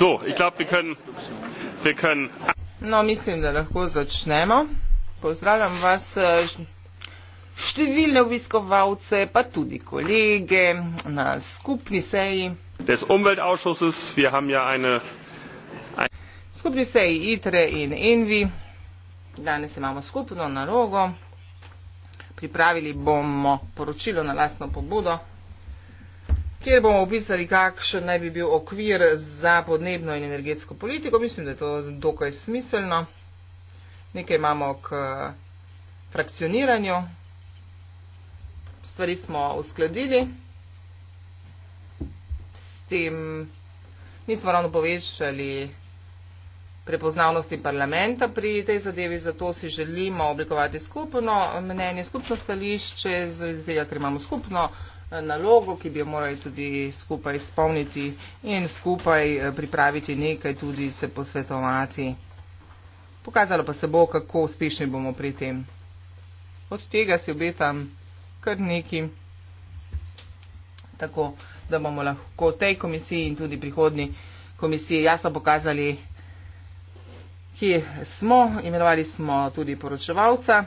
So, ich glaube, wir können, wir können. No, mislim, da lahko začnemo. Pozdravljam vas, eh, številne obiskovalce, pa tudi kolege na skupni seji. Des Umweltausschusses, wir haben ja eine. Ein skupni seji ITRE in ENVI, danes imamo skupno nalogo. Pripravili bomo poročilo na lastno pobudo kjer bomo opisali, kakšen naj bi bil okvir za podnebno in energetsko politiko. Mislim, da je to dokaj smiselno. Nekaj imamo k frakcioniranju. Stvari smo uskladili. S tem nismo ravno povečali prepoznavnosti parlamenta pri tej zadevi, zato si želimo oblikovati skupno mnenje, skupno stališče, zaradi tega, ker imamo skupno nalogo, ki bi jo morali tudi skupaj spomniti in skupaj eh, pripraviti nekaj, tudi se posvetovati. Pokazalo pa se bo, kako uspešni bomo pri tem. Od tega si obetam kar neki, tako da bomo lahko tej komisiji in tudi prihodni komisiji jasno pokazali, kje smo, imenovali smo tudi poročevalca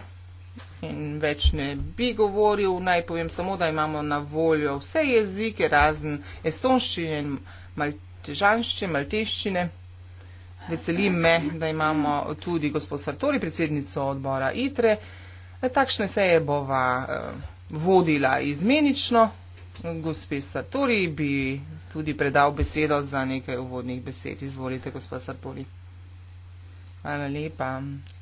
in več ne bi govoril. Naj povem samo, da imamo na voljo vse jezike, razen estonščine in maltežanščine, malteščine. Veselim me, da imamo tudi gospod Sartori, predsednico odbora ITRE. Takšne seje bova eh, vodila izmenično. Gospe Sartori bi tudi predal besedo za nekaj uvodnih besed. Izvolite, gospod Sartori. Hvala lepa.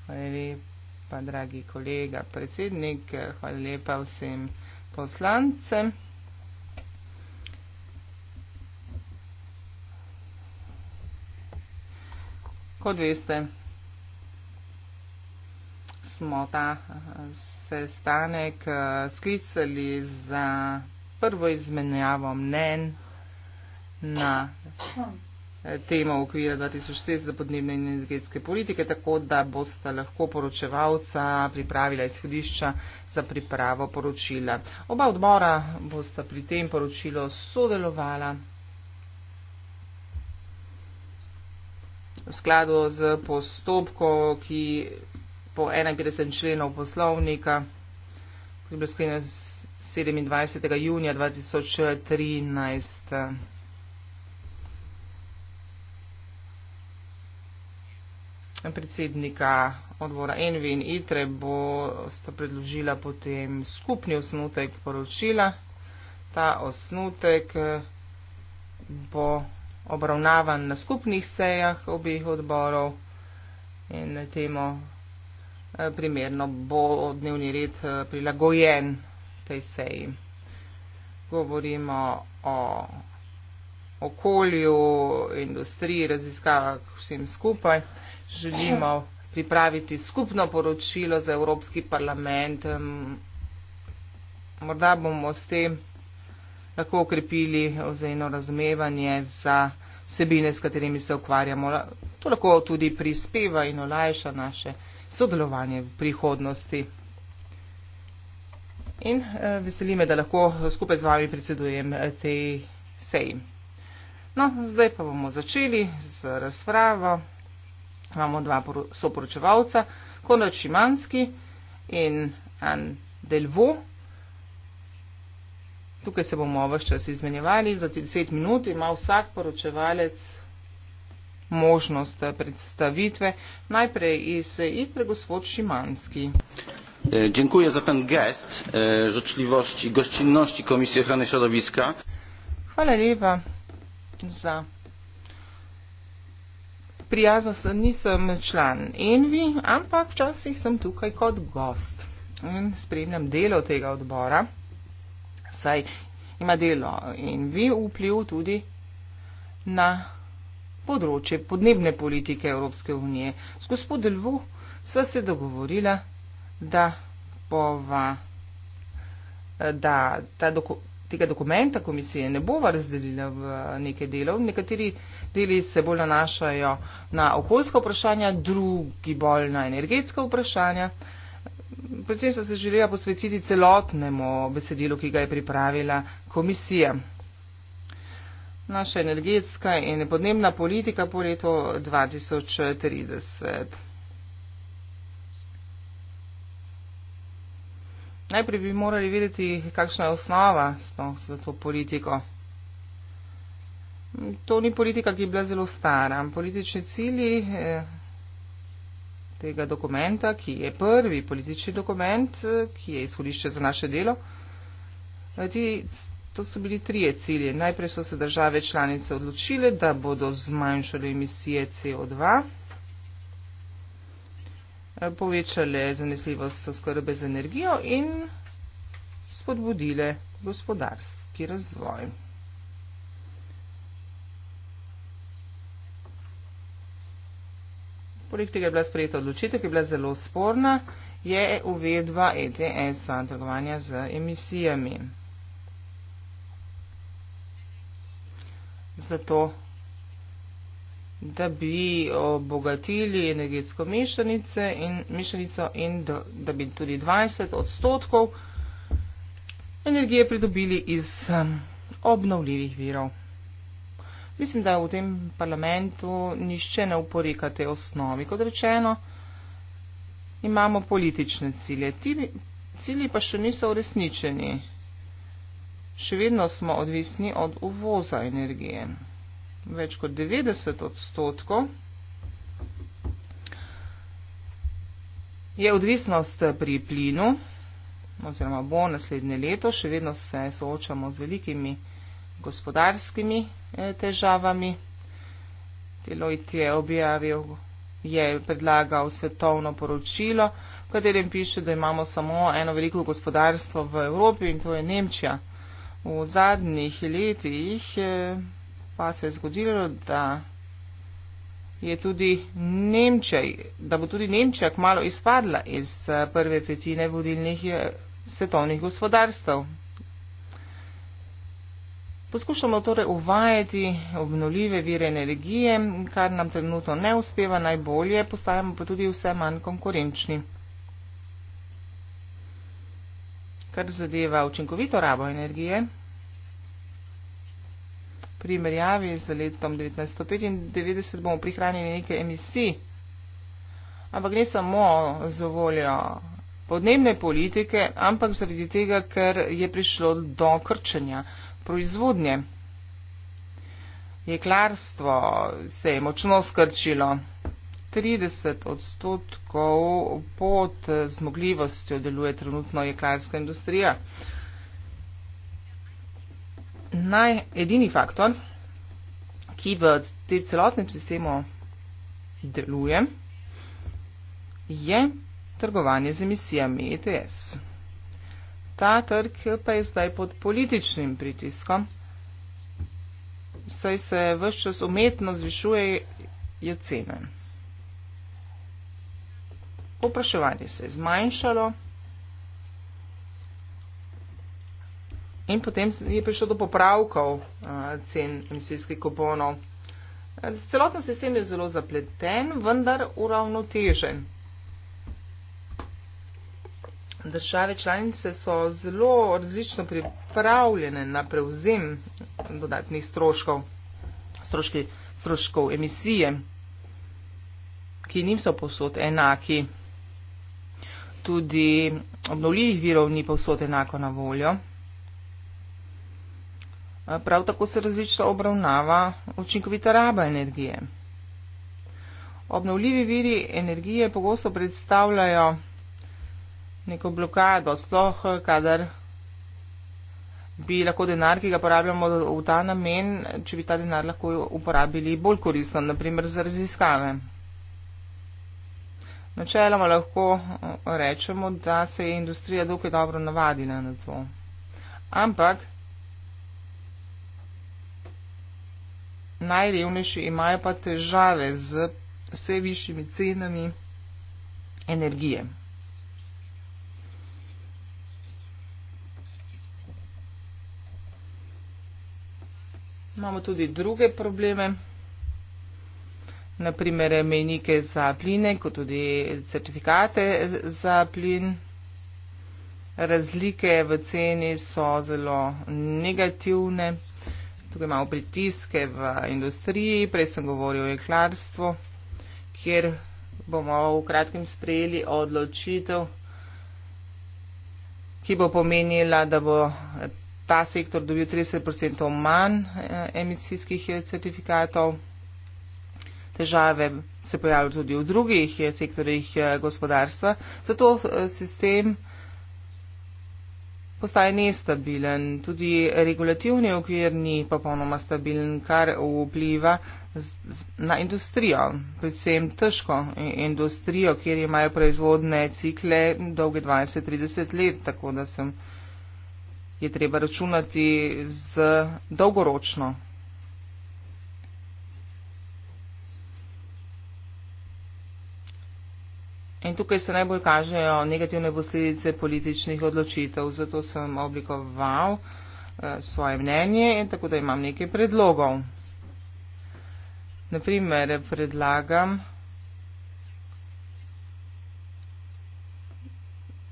Hvala lepa pa dragi kolega predsednik, hvala lepa vsem poslancem. Kot veste, smo ta sestanek sklicali za prvo izmenjavo mnen na Eh, tema okvira 2006 za podnebne in energetske politike, tako da boste lahko poročevalca pripravila izhodišča za pripravo poročila. Oba odbora boste pri tem poročilo sodelovala v skladu z postopko, ki po 51 členov poslovnika, ki je bil sklenjen 27. junija 2013. predsednika odbora Envi in ITRE bo sta predložila potem skupni osnutek poročila. Ta osnutek bo obravnavan na skupnih sejah obeh odborov in na temo eh, primerno bo dnevni red eh, prilagojen tej seji. Govorimo o okolju, industriji, raziskavah, vsem skupaj. Želimo pripraviti skupno poročilo za Evropski parlament. Morda bomo s tem lahko ukrepili vzajno razumevanje za vsebine, s katerimi se ukvarjamo. To lahko tudi prispeva in olajša naše sodelovanje v prihodnosti. In eh, veseli me, da lahko skupaj z vami predsedujem eh, tej seji. No, zdaj pa bomo začeli z razpravo. Imamo dva soporočevalca, Konrad Šimanski in Anne Delvo. Tukaj se bomo vse čas izmenjevali, za 10 minut ima vsak poročevalec možnost predstavitve. Najprej iz Istre gospod Šimanski. E, dziękuję za ten gest e, życzliwości, gościnności Komisji Ochrony Środowiska. Hvala lepa za prijazno se nisem član Envi, ampak včasih sem tukaj kot gost in spremljam delo tega odbora, saj ima delo Envi vpliv tudi na področje podnebne politike Evropske unije. S gospodem Lvu sva se dogovorila, da bova da ta dokument tega dokumenta komisije ne bova razdelila v nekaj delov. Nekateri deli se bolj nanašajo na okoljska vprašanja, drugi bolj na energetska vprašanja. Predvsem sva se želela posvetiti celotnemu besedilu, ki ga je pripravila komisija. Naša energetska in podnebna politika po letu 2030. Najprej bi morali vedeti, kakšna je osnova za to politiko. To ni politika, ki je bila zelo stara. Politični cilji eh, tega dokumenta, ki je prvi politični dokument, eh, ki je izhodišče za naše delo, eh, ti, to so bili trije cilje. Najprej so se države članice odločile, da bodo zmanjšali emisije CO2 povečale zanesljivost oskrbe z energijo in spodbudile gospodarski razvoj. Poleg tega je bila sprejeta odločitev, ki je bila zelo sporna, je uvedba ETS-a, trgovanja z emisijami. Zato da bi obogatili energetsko mešanico in, mešanico in da, da bi tudi 20 odstotkov energije pridobili iz um, obnovljivih virov. Mislim, da v tem parlamentu nišče ne uporeka te osnovi, kot rečeno, imamo politične cilje. Ti cilji pa še niso uresničeni. Še vedno smo odvisni od uvoza energije več kot 90 odstotkov, je odvisnost pri plinu, oziroma bo naslednje leto, še vedno se soočamo z velikimi gospodarskimi eh, težavami. Deloitte je objavil, je predlagal svetovno poročilo, v katerem piše, da imamo samo eno veliko gospodarstvo v Evropi in to je Nemčija. V zadnjih letih eh, pa se je zgodilo, da je tudi Nemčaj, da bo tudi Nemčija kmalo izpadla iz eh, prve petine vodilnih eh, svetovnih gospodarstv. Poskušamo torej uvajati obnoljive vire energije, kar nam trenutno ne uspeva najbolje, postajamo pa tudi vse manj konkurenčni. Kar zadeva učinkovito rabo energije primerjavi z letom 1995 bomo prihranili nekaj emisij. Ampak ne samo za voljo podnebne politike, ampak zaradi tega, ker je prišlo do krčenja proizvodnje. Jeklarstvo se je močno skrčilo. 30 odstotkov pod zmogljivostjo deluje trenutno jeklarska industrija naj, edini faktor, ki v tem celotnem sistemu deluje, je trgovanje z emisijami ETS. Ta trg pa je zdaj pod političnim pritiskom, saj se vse čas umetno zvišujejo cene. Popraševanje se je zmanjšalo. In potem je prišlo do popravkov uh, cen emisijskih kuponov. Eh, celoten sistem je zelo zapleten, vendar uravnotežen. Države članice so zelo različno pripravljene na prevzem dodatnih stroškov, stroški, stroškov emisije, ki njim so posod enaki. Tudi obnovljivih virov ni posod enako na voljo. Eh, prav tako se različno obravnava učinkovita raba energije. Obnovljivi viri energije pogosto predstavljajo neko blokado, sploh eh, kadar bi lahko denar, ki ga porabljamo v ta namen, če bi ta denar lahko uporabili bolj koristno, naprimer za raziskave. Načeloma lahko eh, rečemo, da se je industrija dokaj dobro navadila na to. Ampak najrevnejši imajo pa težave z vse višjimi cenami energije. Imamo tudi druge probleme, naprimer menike za pline, kot tudi certifikate za plin. Razlike v ceni so zelo negativne. Tukaj imamo pritiske v industriji, prej sem govoril o jeklarstvu, kjer bomo v kratkem sprejeli odločitev, ki bo pomenila, da bo ta sektor dobil 30% manj eh, emisijskih eh, certifikatov. Težave se pojavljajo tudi v drugih eh, sektorjih gospodarstva, zato sistem postaje nestabilen. Tudi regulativni okvir ni popolnoma stabilen, kar vpliva na industrijo, predvsem težko industrijo, kjer imajo proizvodne cikle dolge 20-30 let, tako da sem, je treba računati z dolgoročno In tukaj se najbolj kažejo negativne posledice političnih odločitev, zato sem oblikoval eh, svoje mnenje in tako da imam nekaj predlogov. Naprimer, predlagam,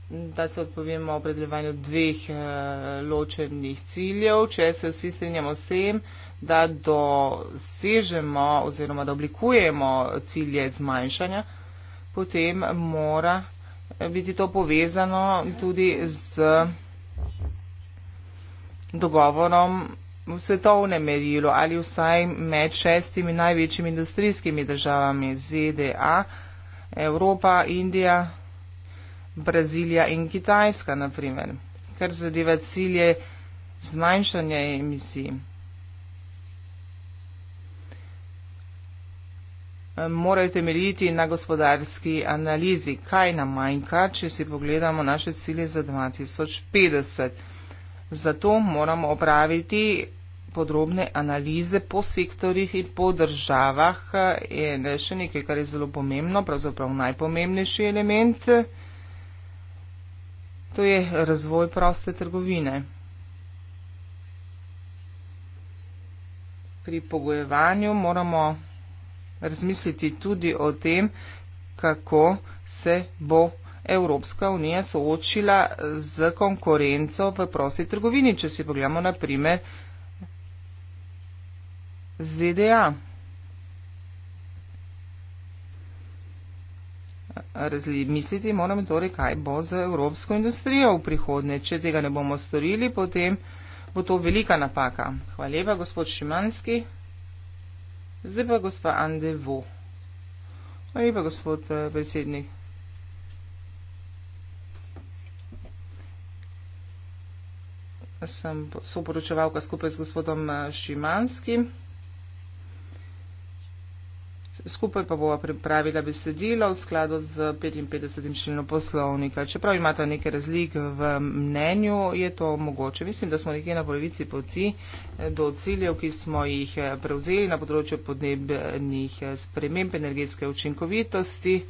da se odpovemo o predljevanju dveh eh, ločenih ciljev, če se vsi strinjamo s tem, da dosežemo oziroma da oblikujemo cilje zmanjšanja, potem mora biti to povezano tudi z dogovorom v svetovnem merilu ali vsaj med šestimi največjimi industrijskimi državami ZDA, Evropa, Indija, Brazilija in Kitajska, naprimer, kar zadeva cilje zmanjšanja emisij. morajo temeljiti na gospodarski analizi, kaj nam manjka, če si pogledamo naše cilje za 2050. Zato moramo opraviti podrobne analize po sektorjih in po državah. In še nekaj, kar je zelo pomembno, pravzaprav najpomembnejši element, to je razvoj proste trgovine. Pri pogojevanju moramo razmisliti tudi o tem, kako se bo Evropska unija soočila z konkurenco v prosti trgovini, če si pogledamo naprimer ZDA. Razli, misliti moramo torej, kaj bo z evropsko industrijo v prihodnje. Če tega ne bomo storili, potem bo to velika napaka. Hvala lepa, gospod Šimanski. Zdaj pa gospa Ande Vo. Ali pa gospod eh, predsednik. Sem soporočevalka skupaj z gospodom eh, Šimanskim skupaj pa bova pripravila besedilo v skladu z 55. členom poslovnika. Čeprav imata nekaj razlik v mnenju, je to mogoče. Mislim, da smo nekje na polovici poti eh, do ciljev, ki smo jih eh, prevzeli na področju podnebnih eh, sprememb energetske učinkovitosti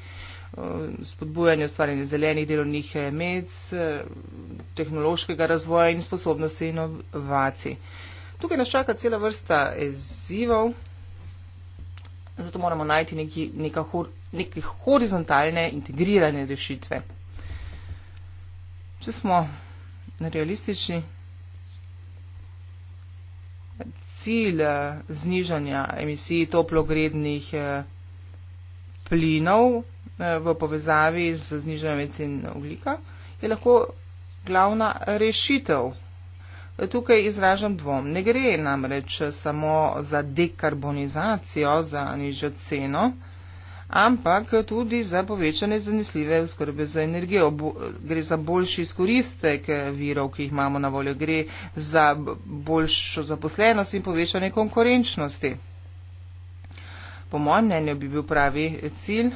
spodbujanje ustvarjanja zelenih delovnih mec, tehnološkega razvoja in sposobnosti inovacij. Tukaj nas čaka cela vrsta izzivov zato moramo najti neki, neka hor, neke horizontalne, integrirane rešitve. Če smo realistični, cilj eh, znižanja emisij toplogrednih eh, plinov eh, v povezavi z znižanjem cen oglika je lahko glavna rešitev Tukaj izražam dvom. Ne gre namreč samo za dekarbonizacijo, za nižjo ceno, ampak tudi za povečanje zanesljive skrbe za energijo. Bo, gre za boljši izkoristek virov, ki jih imamo na voljo. Gre za boljšo zaposlenost in povečanje konkurenčnosti. Po mojem mnenju bi bil pravi cilj.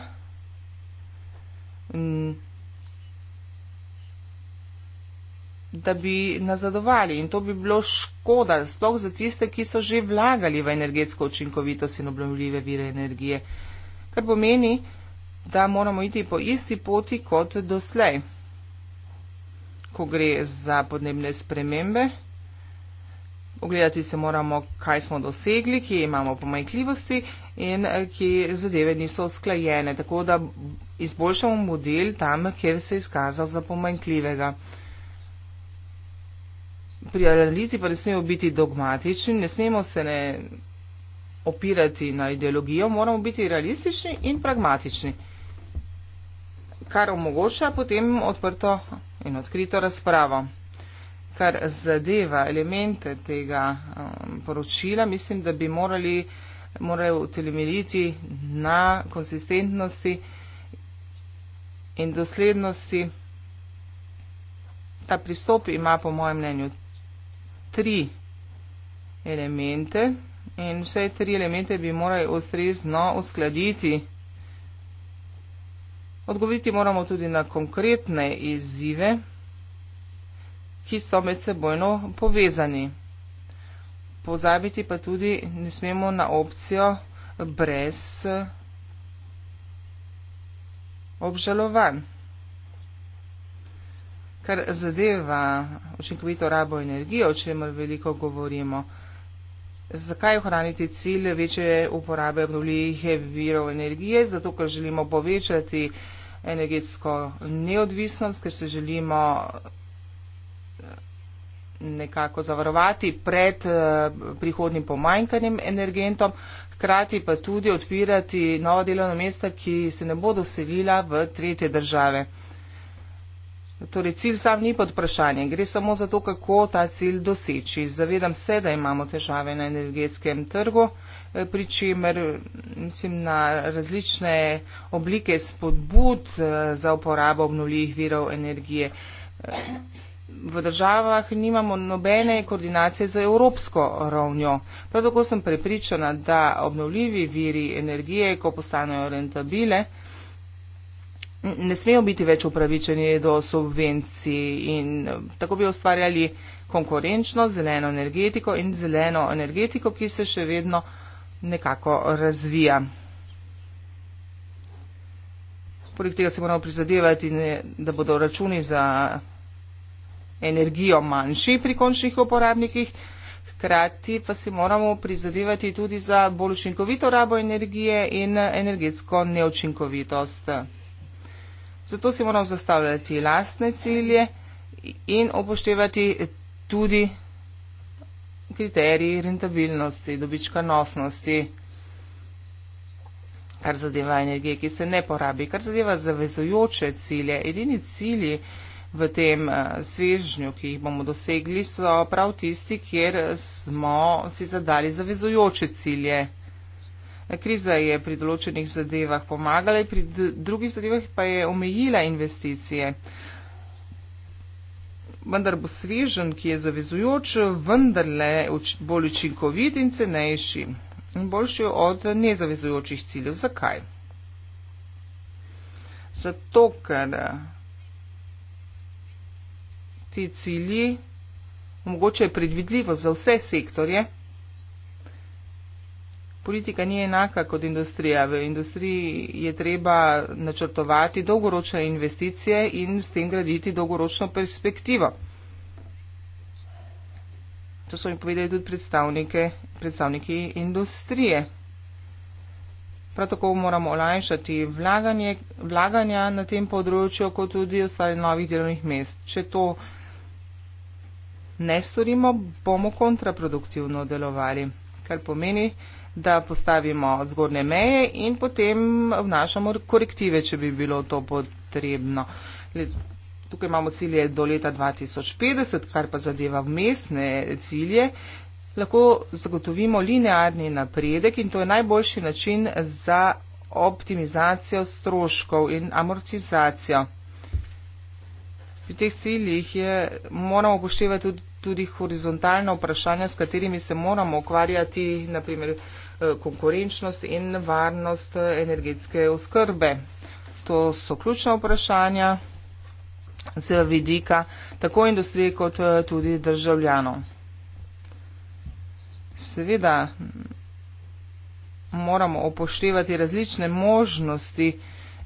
da bi nazadovali in to bi bilo škoda, sploh za tiste, ki so že vlagali v energetsko učinkovitost in obnovljive vire energije, kar pomeni, da moramo iti po isti poti kot doslej, ko gre za podnebne spremembe. Ogledati se moramo, kaj smo dosegli, kje imamo pomanjkljivosti in eh, kje zadeve niso usklajene, tako da izboljšamo model tam, kjer se je izkazal za pomanjkljivega pri analizi pa ne smemo biti dogmatični, ne smemo se ne opirati na ideologijo, moramo biti realistični in pragmatični, kar omogoča potem odprto in odkrito razpravo. Kar zadeva elemente tega um, poročila, mislim, da bi morali, morali utemeljiti na konsistentnosti in doslednosti. Ta pristop ima, po mojem mnenju, tri elemente in vse tri elemente bi morali ustrezno uskladiti. Odgovoriti moramo tudi na konkretne izzive, ki so med sebojno povezani. Pozabiti pa tudi ne smemo na opcijo brez obžalovanj. Kar zadeva učinkovito rabo energije, o čemer veliko govorimo, zakaj ohraniti cilj večje uporabe obnovljivih virov energije? Zato, ker želimo povečati energetsko neodvisnost, ker se želimo eh, nekako zavarovati pred eh, prihodnim pomanjkanjem energentom, hkrati pa tudi odpirati nova delovna mesta, ki se ne bodo selila v tretje države. Torej, cilj sam ni pod vprašanjem, gre samo za to, kako ta cilj doseči. Zavedam se, da imamo težave na energetskem trgu, eh, pri čemer mislim na različne oblike spodbud eh, za uporabo obnovljivih virov energije. Eh, v državah nimamo nobene koordinacije za evropsko ravnjo. Prav tako sem prepričana, da obnovljivi viri energije, ko postanejo rentabile, ne smejo biti več upravičeni do subvencij in eh, tako bi ustvarjali konkurenčno zeleno energetiko in zeleno energetiko, ki se še vedno nekako razvija. Poleg tega se moramo prizadevati, da bodo računi za energijo manjši pri končnih uporabnikih, hkrati pa se moramo prizadevati tudi za bolj učinkovito rabo energije in energetsko neučinkovitost. Zato si moramo zastavljati lastne cilje in upoštevati tudi kriteriji rentabilnosti, dobička nosnosti, kar zadeva energije, ki se ne porabi, kar zadeva zavezojoče cilje. Edini cilji v tem eh, svežnju, ki jih bomo dosegli, so prav tisti, kjer smo si zadali zavezojoče cilje. Kriza je pri določenih zadevah pomagala, pri drugih zadevah pa je omejila investicije. Vendar bo svežen, ki je zavezujoč, vendarle bolj učinkovit in cenejši. Boljši od nezavezujočih ciljev. Zakaj? Zato, ker ti cilji omogočajo predvidljivo za vse sektorje. Politika ni enaka kot industrija. V industriji je treba načrtovati dolgoročne investicije in s tem graditi dolgoročno perspektivo. To so mi povedali tudi predstavniki industrije. Prav tako moramo olajšati vlaganje, vlaganja na tem področju, kot tudi ostale novih delovnih mest. Če to ne storimo, bomo kontraproduktivno delovali kar pomeni, da postavimo zgornje meje in potem vnašamo korektive, če bi bilo to potrebno. Tukaj imamo cilje do leta 2050, kar pa zadeva vmesne cilje. Lahko zagotovimo linearni napredek in to je najboljši način za optimizacijo stroškov in amortizacijo. Pri teh ciljih je, moramo upoštevati tudi tudi horizontalna vprašanja, s katerimi se moramo ukvarjati, naprimer eh, konkurenčnost in varnost eh, energetske oskrbe. To so ključna vprašanja z vidika tako industrije kot eh, tudi državljanov. Seveda mm, moramo upoštevati različne možnosti,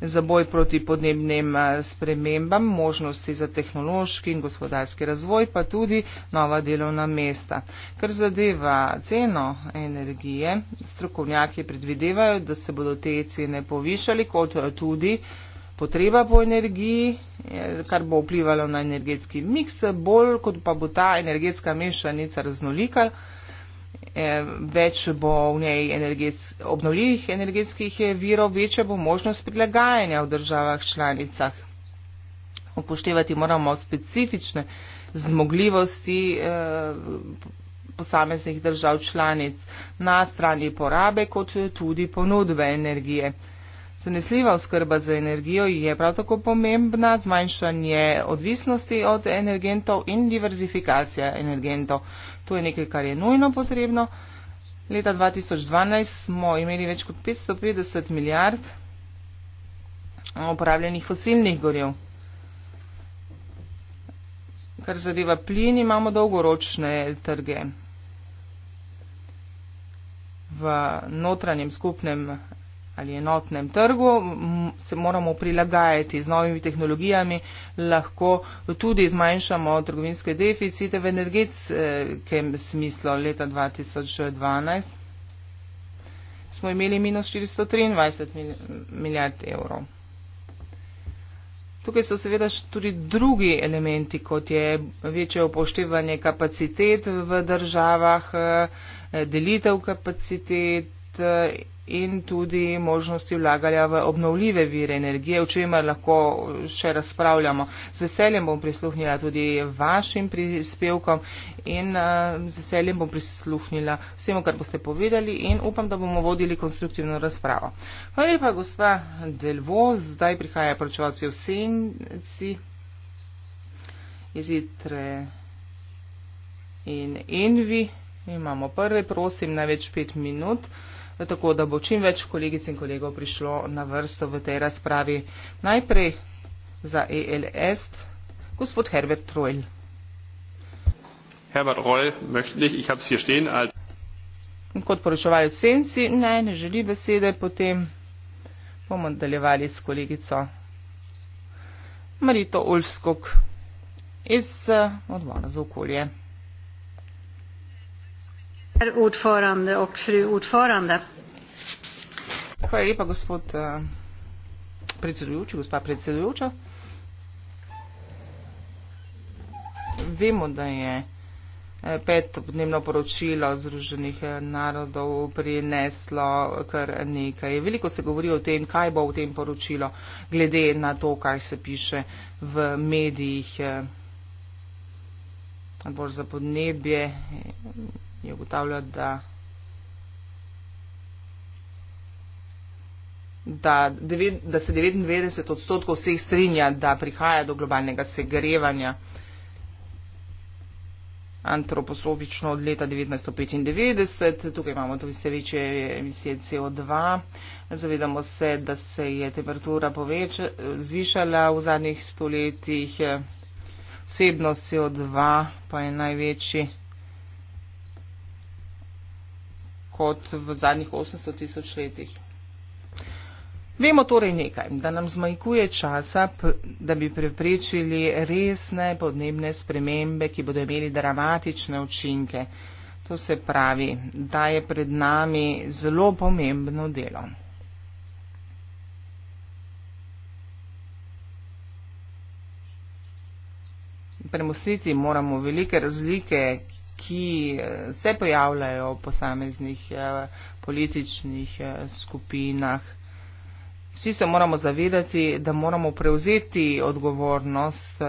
za boj proti podnebnim eh, spremembam, možnosti za tehnološki in gospodarski razvoj, pa tudi nova delovna mesta. Kar zadeva ceno energije, strokovnjaki predvidevajo, da se bodo te cene povišali, kot eh, tudi potreba po energiji, eh, kar bo vplivalo na energetski miks, bolj kot pa bo ta energetska mešanica raznolika, Eh, več bo v njej energets, obnovljivih energetskih eh, virov, večja bo možnost prilagajanja v državah članicah. Upoštevati moramo specifične zmogljivosti eh, posameznih držav članic na strani porabe kot tudi ponudbe energije. Zanesljiva oskrba za energijo je prav tako pomembna, zmanjšanje odvisnosti od energentov in diverzifikacija energentov. To je nekaj, kar je nujno potrebno. Leta 2012 smo imeli več kot 550 milijard eh, uporabljenih fosilnih gorjev. Kar zadeva plin, imamo dolgoročne trge v notranjem skupnem ali enotnem trgu, se moramo prilagajati z novimi tehnologijami, lahko tudi zmanjšamo trgovinske deficite v energetskem smislu leta 2012 smo imeli minus 423 milijard evrov. Tukaj so seveda tudi drugi elementi, kot je večje upoštevanje kapacitet v državah, delitev kapacitet in tudi možnosti vlaganja v obnovljive vire energije, o čemer lahko še razpravljamo. Z veseljem bom prisluhnila tudi vašim prispevkom in eh, z veseljem bom prisluhnila vsemu, kar boste povedali in upam, da bomo vodili konstruktivno razpravo. Hvala lepa, gospa Delvo, zdaj prihaja pročevalci v senci izitre in envi. Imamo prve, prosim, največ pet minut tako da bo čim več kolegic in kolegov prišlo na vrsto v tej razpravi. Najprej za ELS, gospod Herbert Trojl. Herbert Roll, möchte nicht, ich habe es hier stehen als. Kot poročevalec senci, ne, ne želi besede, potem bomo nadaljevali s kolegico Marito Ulfskog iz eh, odbora za okolje hvala lepa gospod eh, predsedujoči gospa predsedujoča vemo da je eh, peto podnebno poročilo združenih eh, narodov prineslo kar nekaj veliko se govori o tem kaj bo v tem poročilo glede na to kaj se piše v medijih odbor za podnebje in ugotavlja, da, da, da se 99 odstotkov vseh strinja, da prihaja do globalnega segrevanja antroposlovično od leta 1995. Tukaj imamo tudi vse večje emisije CO2. Zavedamo se, da se je temperatura poveča, zvišala v zadnjih stoletjih. Vsebnost CO2 pa je največji. kot v zadnjih 800 tisoč letih. Vemo torej nekaj, da nam zmanjkuje časa, da bi preprečili resne podnebne spremembe, ki bodo imeli dramatične učinke. To se pravi, da je pred nami zelo pomembno delo. Premostiti moramo velike razlike, ki eh, se pojavljajo v posameznih eh, političnih eh, skupinah. Vsi se moramo zavedati, da moramo prevzeti odgovornost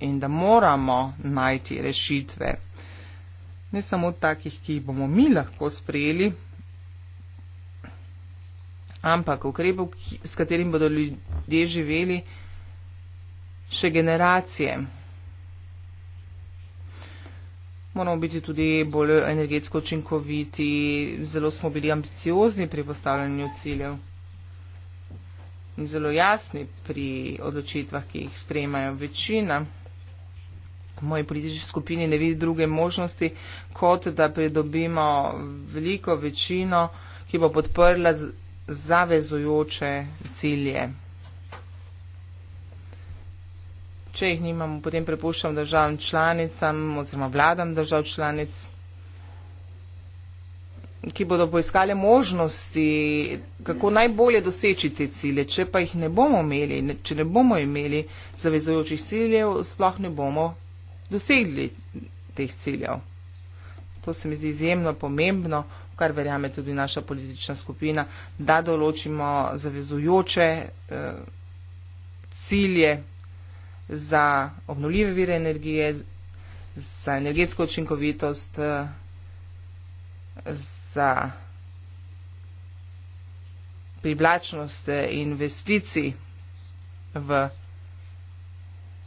in da moramo najti rešitve. Ne samo takih, ki jih bomo mi lahko sprejeli, ampak ukrepov, s katerim bodo ljudje živeli še generacije moramo biti tudi bolj energetsko učinkoviti, zelo smo bili ambiciozni pri postavljanju ciljev in zelo jasni pri odločitvah, ki jih sprejemajo večina. V moji politični skupini ne vidi druge možnosti, kot da pridobimo veliko večino, ki bo podprla zavezujoče cilje. če jih nimamo, potem prepuščam državam članicam oziroma vladam držav članic, ki bodo poiskali možnosti, kako najbolje doseči te cilje. Če pa jih ne bomo imeli, če ne bomo imeli zavezujočih ciljev, sploh ne bomo dosegli teh ciljev. To se mi zdi izjemno pomembno, kar verjame tudi naša politična skupina, da določimo zavezujoče eh, cilje za obnovljive vire energije, za energetsko učinkovitost, eh, za privlačnost eh, investicij v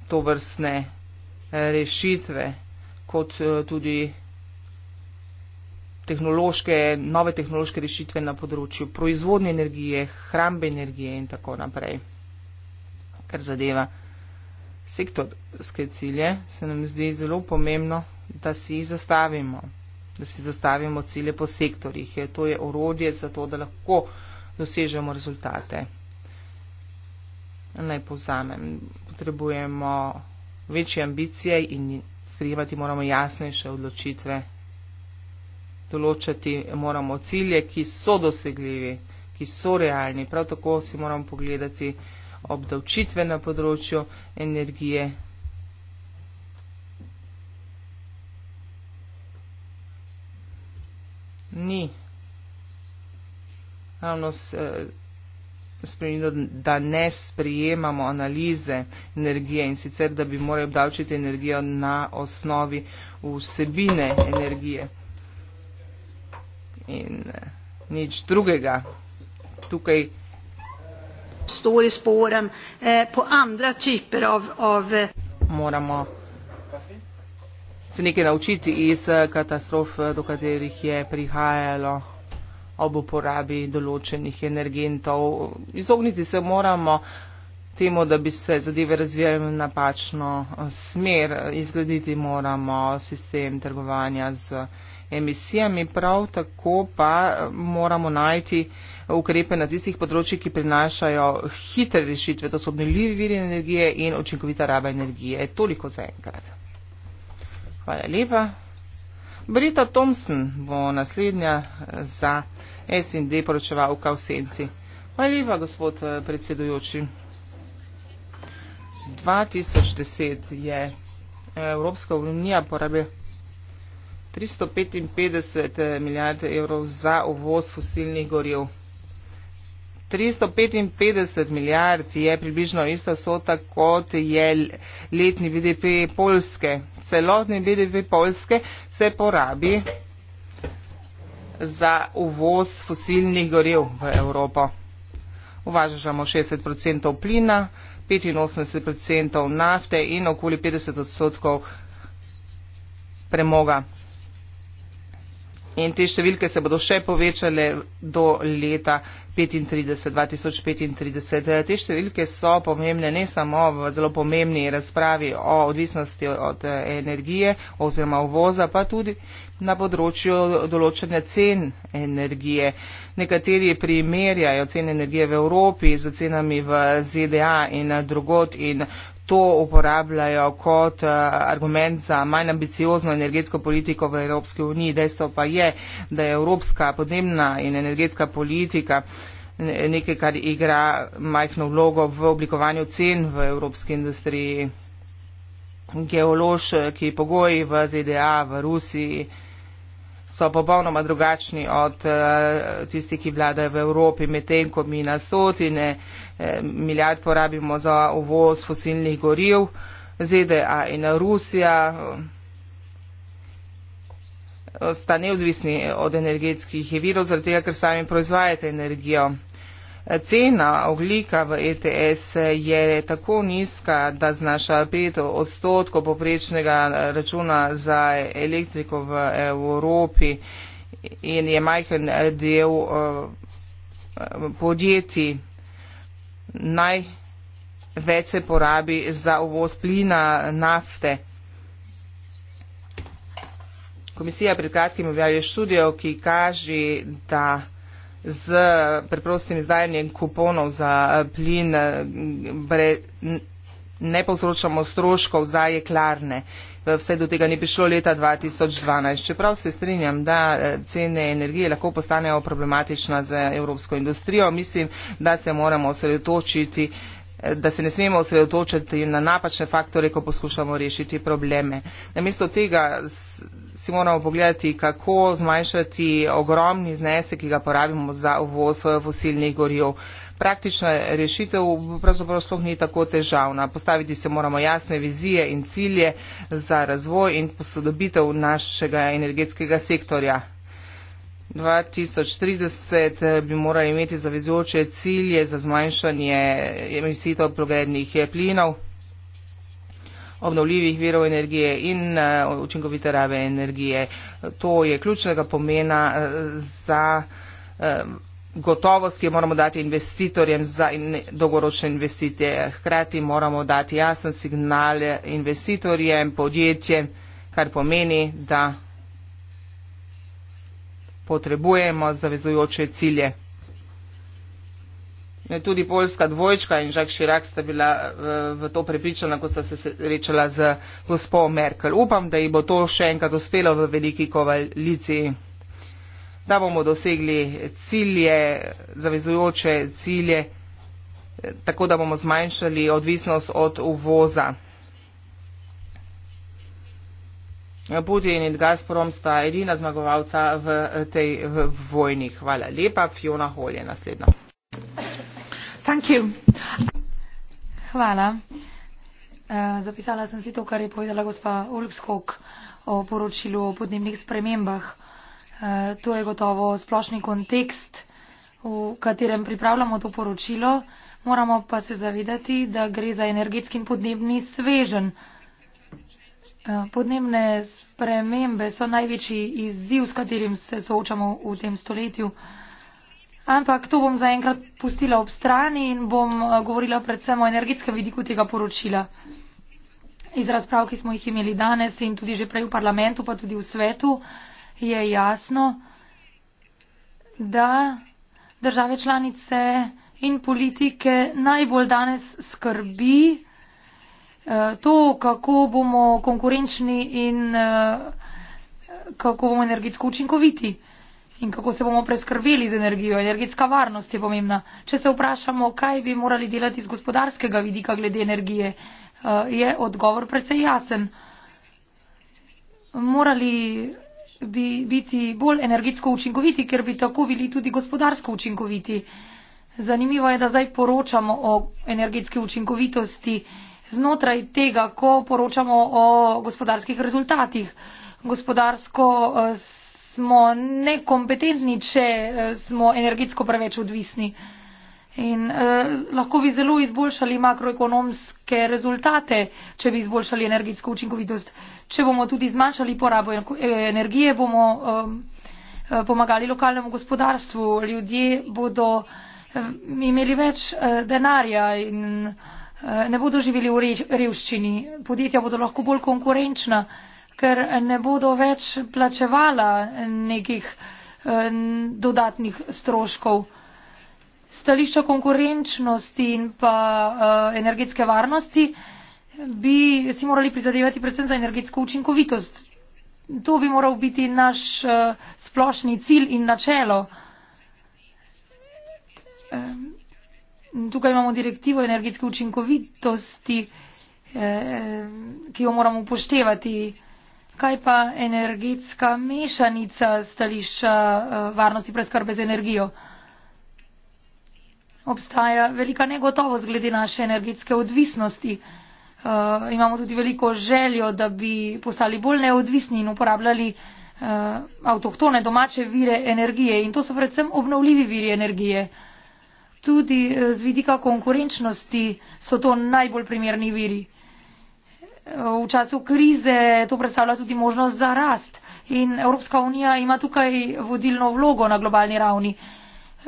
to vrstne eh, rešitve, kot tudi tehnološke, nove tehnološke rešitve na področju proizvodnje energije, hrambe energije in tako naprej, kar zadeva sektorske cilje, se nam zdi zelo pomembno, da si jih zastavimo, da si zastavimo cilje po sektorjih. To je orodje za to, da lahko dosežemo rezultate. Naj povzamem, potrebujemo večje ambicije in skrivati moramo jasnejše odločitve. Določati moramo cilje, ki so dosegljivi, ki so realni. Prav tako si moramo pogledati, obdavčitve na področju energije. Ni ravno eh, spremenilo, da ne sprejemamo analize energije in sicer, da bi morali obdavčiti energijo na osnovi vsebine energije in eh, nič drugega. Tukaj uppstår i spåren eh, på andra typer av, av eh, Moramo. Se nekaj naučiti iz eh, katastrof, eh, do katerih je prihajalo ob uporabi določenih energentov. Izogniti se moramo temu, da bi se zadeve razvijale v napačno smer. Izgraditi moramo sistem trgovanja z emisijami, prav tako pa moramo najti ukrepe na tistih področjih, ki prinašajo hitre rešitve, to so obnovljivi viri energije in učinkovita raba energije. Toliko za enkrat. Hvala lepa. Brita Thompson bo naslednja za SND poročevalka v senci. Hvala lepa, gospod predsedujoči. 2010 je Evropska unija porabila 355 milijard evrov za uvoz fosilnih goriv. 355 milijard je približno ista sota, kot je letni BDP Polske. Celotni BDP Polske se porabi za uvoz fosilnih gorjev v Evropo. Uvažamo 60% plina, 85% nafte in okoli 50% premoga. In te številke se bodo še povečale do leta 2035. Te številke so pomembne ne samo v zelo pomembni razpravi o odvisnosti od energije oziroma uvoza, pa tudi na področju določene cen energije. Nekateri primerjajo cen energije v Evropi z cenami v ZDA in drugot in to uporabljajo kot eh, argument za manj ambiciozno energetsko politiko v Evropski uniji. Dejstvo pa je, da je evropska podnebna in energetska politika nekaj, kar igra majhno vlogo v oblikovanju cen v evropski industriji. Geološki pogoji v ZDA, v Rusiji so popolnoma drugačni od uh, eh, tistih, ki vladajo v Evropi, medtem ko mi na stotine eh, milijard porabimo za uvoz fosilnih goriv, ZDA in Rusija eh, sta neodvisni od energetskih virov, zaradi tega, ker sami proizvajate energijo. Cena oglika v ETS je tako nizka, da znaša 5 odstotkov poprečnega računa za elektriko v Evropi in je majhen del eh, podjetij. Največ se porabi za uvoz plina nafte. Komisija pred kratkim objavila študijo, ki kaže, da z preprostim izdajanjem kuponov za eh, plin eh, bre, ne povzročamo stroškov za jeklarne. Vse do tega ni prišlo leta 2012. Čeprav se strinjam, da eh, cene energije lahko postanejo problematična za evropsko industrijo, mislim, da se moramo osredotočiti da se ne smemo osredotočiti na napačne faktore, ko poskušamo rešiti probleme. Namesto tega si moramo pogledati, kako zmanjšati ogromni znesek, ki ga porabimo za uvoz fosilnih gorjev. Praktična rešitev pravzaprav sploh ni tako težavna. Postaviti se moramo jasne vizije in cilje za razvoj in posodobitev našega energetskega sektorja. 2030 eh, bi morali imeti zavezujoče cilje za zmanjšanje emisij toplogrednih eh, plinov, obnovljivih virov energije in eh, učinkovite rabe energije. To je ključnega pomena za gotovost, ki jo moramo dati investitorjem za dolgoročne investicije. Hkrati moramo dati jasen signal investitorjem, podjetjem, kar pomeni, da potrebujemo zavezujoče cilje. Ja, tudi polska dvojčka in Žak Širak sta bila v, v to prepričana, ko sta se srečala z gospo Merkel. Upam, da ji bo to še enkrat uspelo v veliki koaliciji, da bomo dosegli cilje, zavezujoče cilje, eh, tako da bomo zmanjšali odvisnost od uvoza. Putin in Gazprom sta edina zmagovalca v tej v vojni. Hvala lepa. Fiona Hol je naslednja. Hvala. Eh, zapisala sem si to, kar je povedala gospa Ulfskog o poročilu o podnebnih spremembah. Eh, to je gotovo splošni kontekst, v katerem pripravljamo to poročilo. Moramo pa se zavedati, da gre za energetski in podnebni svežen Eh, podnebne spremembe so največji izziv, s katerim se soočamo v tem stoletju. Ampak to bom zaenkrat pustila ob strani in bom eh, govorila predvsem o energetskem vidiku tega poročila. Iz razprav, ki smo jih imeli danes in tudi že prej v parlamentu, pa tudi v svetu, je jasno, da države članice in politike najbolj danes skrbi, Eh, to, kako bomo konkurenčni in eh, kako bomo energetsko učinkoviti in kako se bomo preskrbeli z energijo. Energetska varnost je pomembna. Če se vprašamo, kaj bi morali delati z gospodarskega vidika glede energije, eh, je odgovor precej jasen. Morali bi biti bolj energetsko učinkoviti, ker bi tako bili tudi gospodarsko učinkoviti. Zanimivo je, da zdaj poročamo o energetski učinkovitosti znotraj tega, ko poročamo o gospodarskih rezultatih. Gospodarsko eh, smo nekompetentni, če eh, smo energetsko preveč odvisni. In eh, lahko bi zelo izboljšali makroekonomske rezultate, če bi izboljšali energetsko učinkovitost. Če bomo tudi zmanjšali porabo eh, energije, bomo eh, pomagali lokalnemu gospodarstvu, ljudje bodo eh, imeli več eh, denarja in eh, ne bodo živeli v revščini, podjetja bodo lahko bolj konkurenčna, ker ne bodo več plačevala nekih eh, dodatnih stroškov. Stališča konkurenčnosti in pa eh, energetske varnosti bi si morali prizadevati predvsem za energetsko učinkovitost. To bi moral biti naš eh, splošni cilj in načelo. Tukaj imamo direktivo energetske učinkovitosti, eh, ki jo moramo upoštevati. Kaj pa energetska mešanica stališča eh, varnosti preskrbe z energijo? Obstaja velika negotovost glede naše energetske odvisnosti. Eh, imamo tudi veliko željo, da bi postali bolj neodvisni in uporabljali avtohtone domače vire energije. In to so predvsem obnovljivi viri energije tudi eh, z vidika konkurenčnosti so to najbolj primerni viri. V času krize to predstavlja tudi možnost za rast in Evropska unija ima tukaj vodilno vlogo na globalni ravni.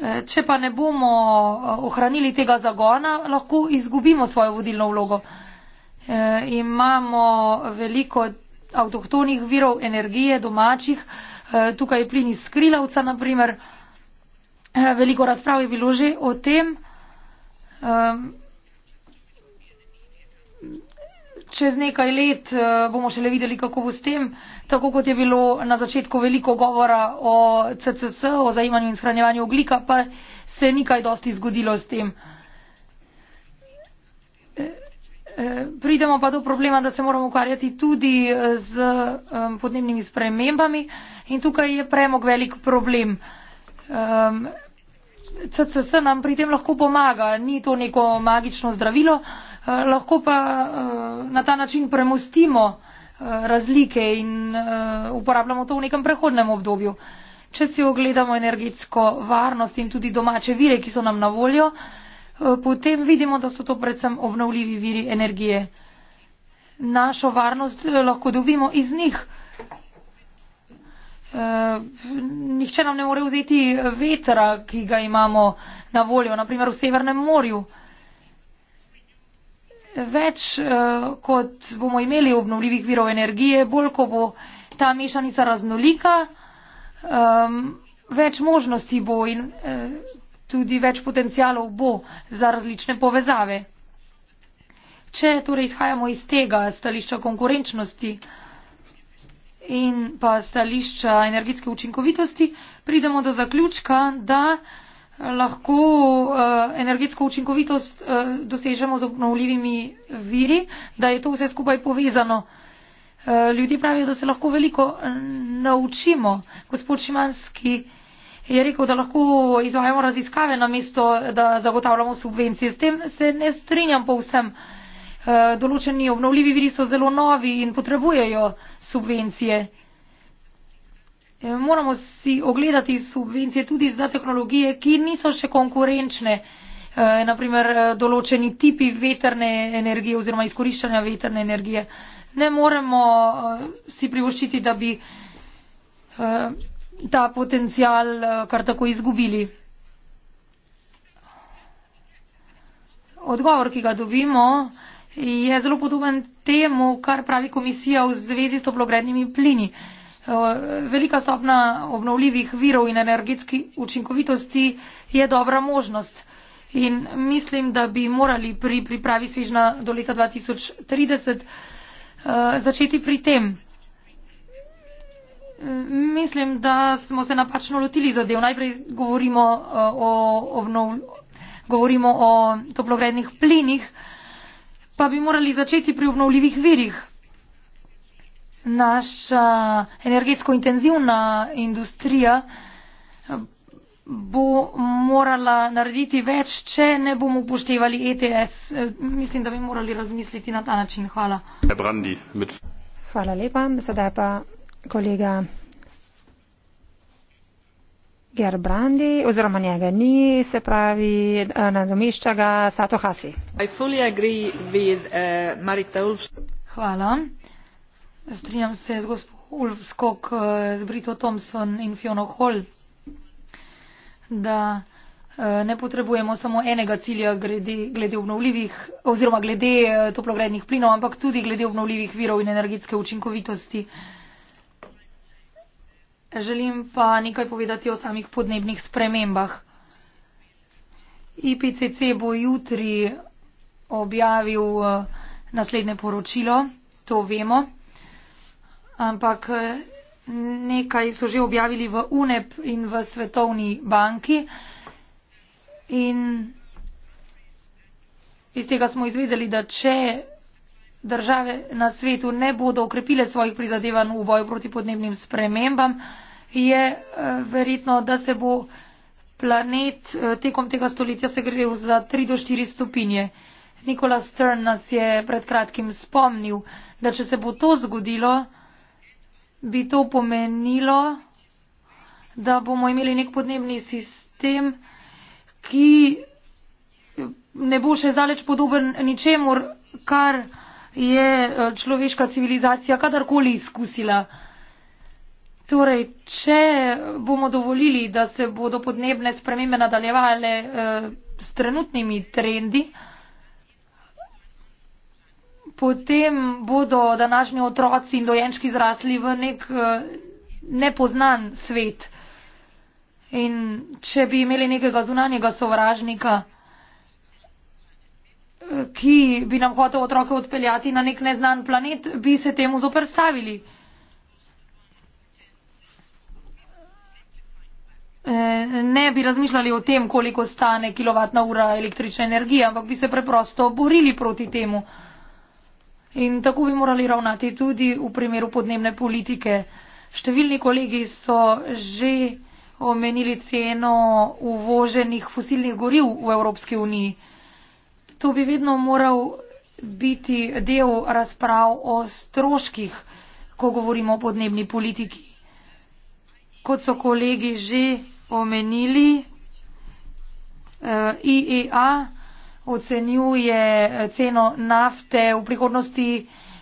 Eh, če pa ne bomo eh, ohranili tega zagona, lahko izgubimo svojo vodilno vlogo. Imamo veliko avtohtonih virov energije domačih, tukaj je plin iz skrilavca naprimer. Eh, veliko razprav je bilo že o tem. Čez nekaj let eh, bomo šele videli, kako bo s tem. Tako kot je bilo na začetku veliko govora o CCC, o zajemanju in shranjevanju oglika, pa se ni kaj dosti zgodilo s tem. Eh, pridemo pa do problema, da se moramo ukvarjati tudi z podnebnimi spremembami in tukaj je premog velik problem. Um, CCS nam pri tem lahko pomaga, ni to neko magično zdravilo, uh, lahko pa uh, na ta način premustimo eh, razlike in uh, uporabljamo to v nekem prehodnem obdobju. Če si ogledamo energetsko varnost in tudi domače vire, ki so nam na voljo, uh, potem vidimo, da so to predvsem obnovljivi viri energije. Našo varnost lahko dobimo iz njih. Uh, Eh, nihče nam ne more vzeti eh, vetra, ki ga imamo na voljo, naprimer v Severnem morju. Več eh, kot bomo imeli obnovljivih virov energije, bolj ko bo ta mešanica raznolika, ehm, več možnosti bo in tudi več potencijalov bo za različne povezave. Če torej izhajamo iz tega stališča konkurenčnosti, in pa stališča energetske učinkovitosti, pridemo do zaključka, da eh, lahko uh, energetsko učinkovitost uh, dosežemo z obnovljivimi viri, da je to vse skupaj povezano. Ljudje pravijo, da se lahko veliko naučimo. Gospod Šimanski je rekel, da lahko izvajamo raziskave na mesto, da zagotavljamo subvencije. S tem se ne strinjam povsem. Uh, Eh, določeni obnovljivi viri so zelo novi in potrebujejo subvencije. Eh, moramo si ogledati subvencije tudi za tehnologije, ki niso še konkurenčne, eh, naprimer določeni tipi veterne energije oziroma izkoriščanja veterne energije. Ne moremo si privoščiti, da bi ta potencial kar tako izgubili. Odgovor, ki ga dobimo, je zelo podoben temu, kar pravi komisija v zvezi s toplogrednimi plini. Velika stopna obnovljivih virov in energetski učinkovitosti je dobra možnost in mislim, da bi morali pri pripravi svežna do leta 2030 eh, začeti pri tem. Mislim, da smo se napačno lotili zadev. Najprej govorimo eh, o, o, govorimo o toplogrednih plinih pa bi morali začeti pri obnovljivih virih. Naša energetsko intenzivna industrija eh, bo morala narediti več, če ne bomo upoštevali ETS. Eh, mislim, da bi morali razmisliti na ta način. Hvala. Hvala lepa. Sedaj pa kolega Gerbrandi, oziroma njega ni, se pravi, eh, nadomešča ga Sato Hasi. With, uh, Hvala. Strinjam se z gospod Ulfskog, eh, z Brito Thompson in Fiona Hall, da ne potrebujemo samo enega cilja glede, glede obnovljivih oziroma glede toplogrednih plinov, ampak tudi glede obnovljivih virov in energetske učinkovitosti. Uh, Želim pa nekaj povedati o samih podnebnih spremembah. IPCC bo jutri objavil eh, naslednje poročilo, to vemo, ampak eh, nekaj so že objavili v UNEP in v Svetovni banki in iz tega smo izvedeli, da če države na svetu ne bodo okrepile svojih prizadevanj v boju proti podnebnim spremembam, je eh, verjetno, da se bo planet eh, tekom tega stoletja segrel za 3 do 4 stopinje. Nikola Stern nas je pred kratkim spomnil, da če se bo to zgodilo, bi to pomenilo, da bomo imeli nek podnebni sistem, ki ne bo še zaleč podoben ničemur, kar je eh, človeška civilizacija kadarkoli izkusila. Torej, če bomo dovolili, da se bodo podnebne spremembe nadaljevale eh, s trenutnimi trendi, potem bodo današnji otroci in dojenčki zrasli v nek eh, nepoznan svet. In če bi imeli nekega zunanjega sovražnika, ki bi nam hotel otroke odpeljati na nek neznan planet, bi se temu zoprstavili. E, ne bi razmišljali o tem, koliko stane kilovatna ura električne energije, ampak bi se preprosto borili proti temu. In tako bi morali ravnati tudi v primeru podnebne politike. Številni kolegi so že omenili ceno uvoženih fosilnih goriv v Evropski uniji. To bi vedno moral biti del razprav o stroških, ko govorimo o podnebni politiki. Kot so kolegi že omenili, eh, IEA ocenjuje ceno nafte v prihodnosti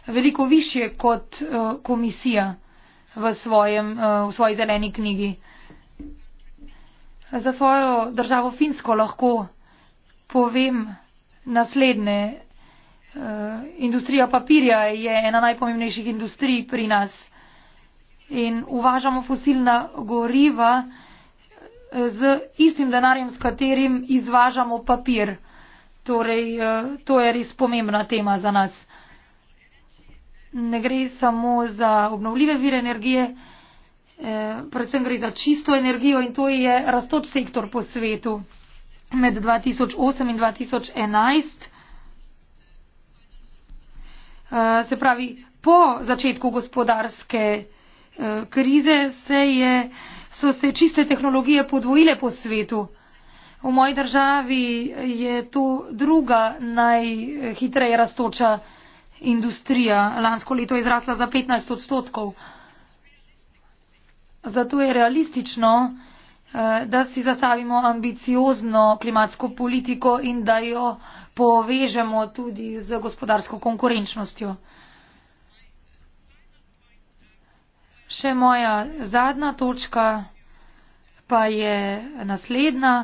veliko više kot eh, komisija v, svojem, eh, v svoji zeleni knjigi. Za svojo državo Finsko lahko povem, naslednje. Uh, industrija papirja je ena najpomembnejših industrij pri nas in uvažamo fosilna goriva eh, z istim denarjem, s katerim izvažamo papir. Torej, uh, to je res pomembna tema za nas. Ne gre samo za obnovljive vire energije, eh, predvsem gre za čisto energijo in to je rastoč sektor po svetu med 2008 in 2011, eh, se pravi po začetku gospodarske eh, krize, se je, so se čiste tehnologije podvojile po svetu. V moji državi je to druga najhitreje rastoča industrija. Lansko leto je zrasla za 15 odstotkov. Zato je realistično, Eh, da si zastavimo ambiciozno klimatsko politiko in da jo povežemo tudi z gospodarsko konkurenčnostjo. Še moja zadnja točka pa je naslednja.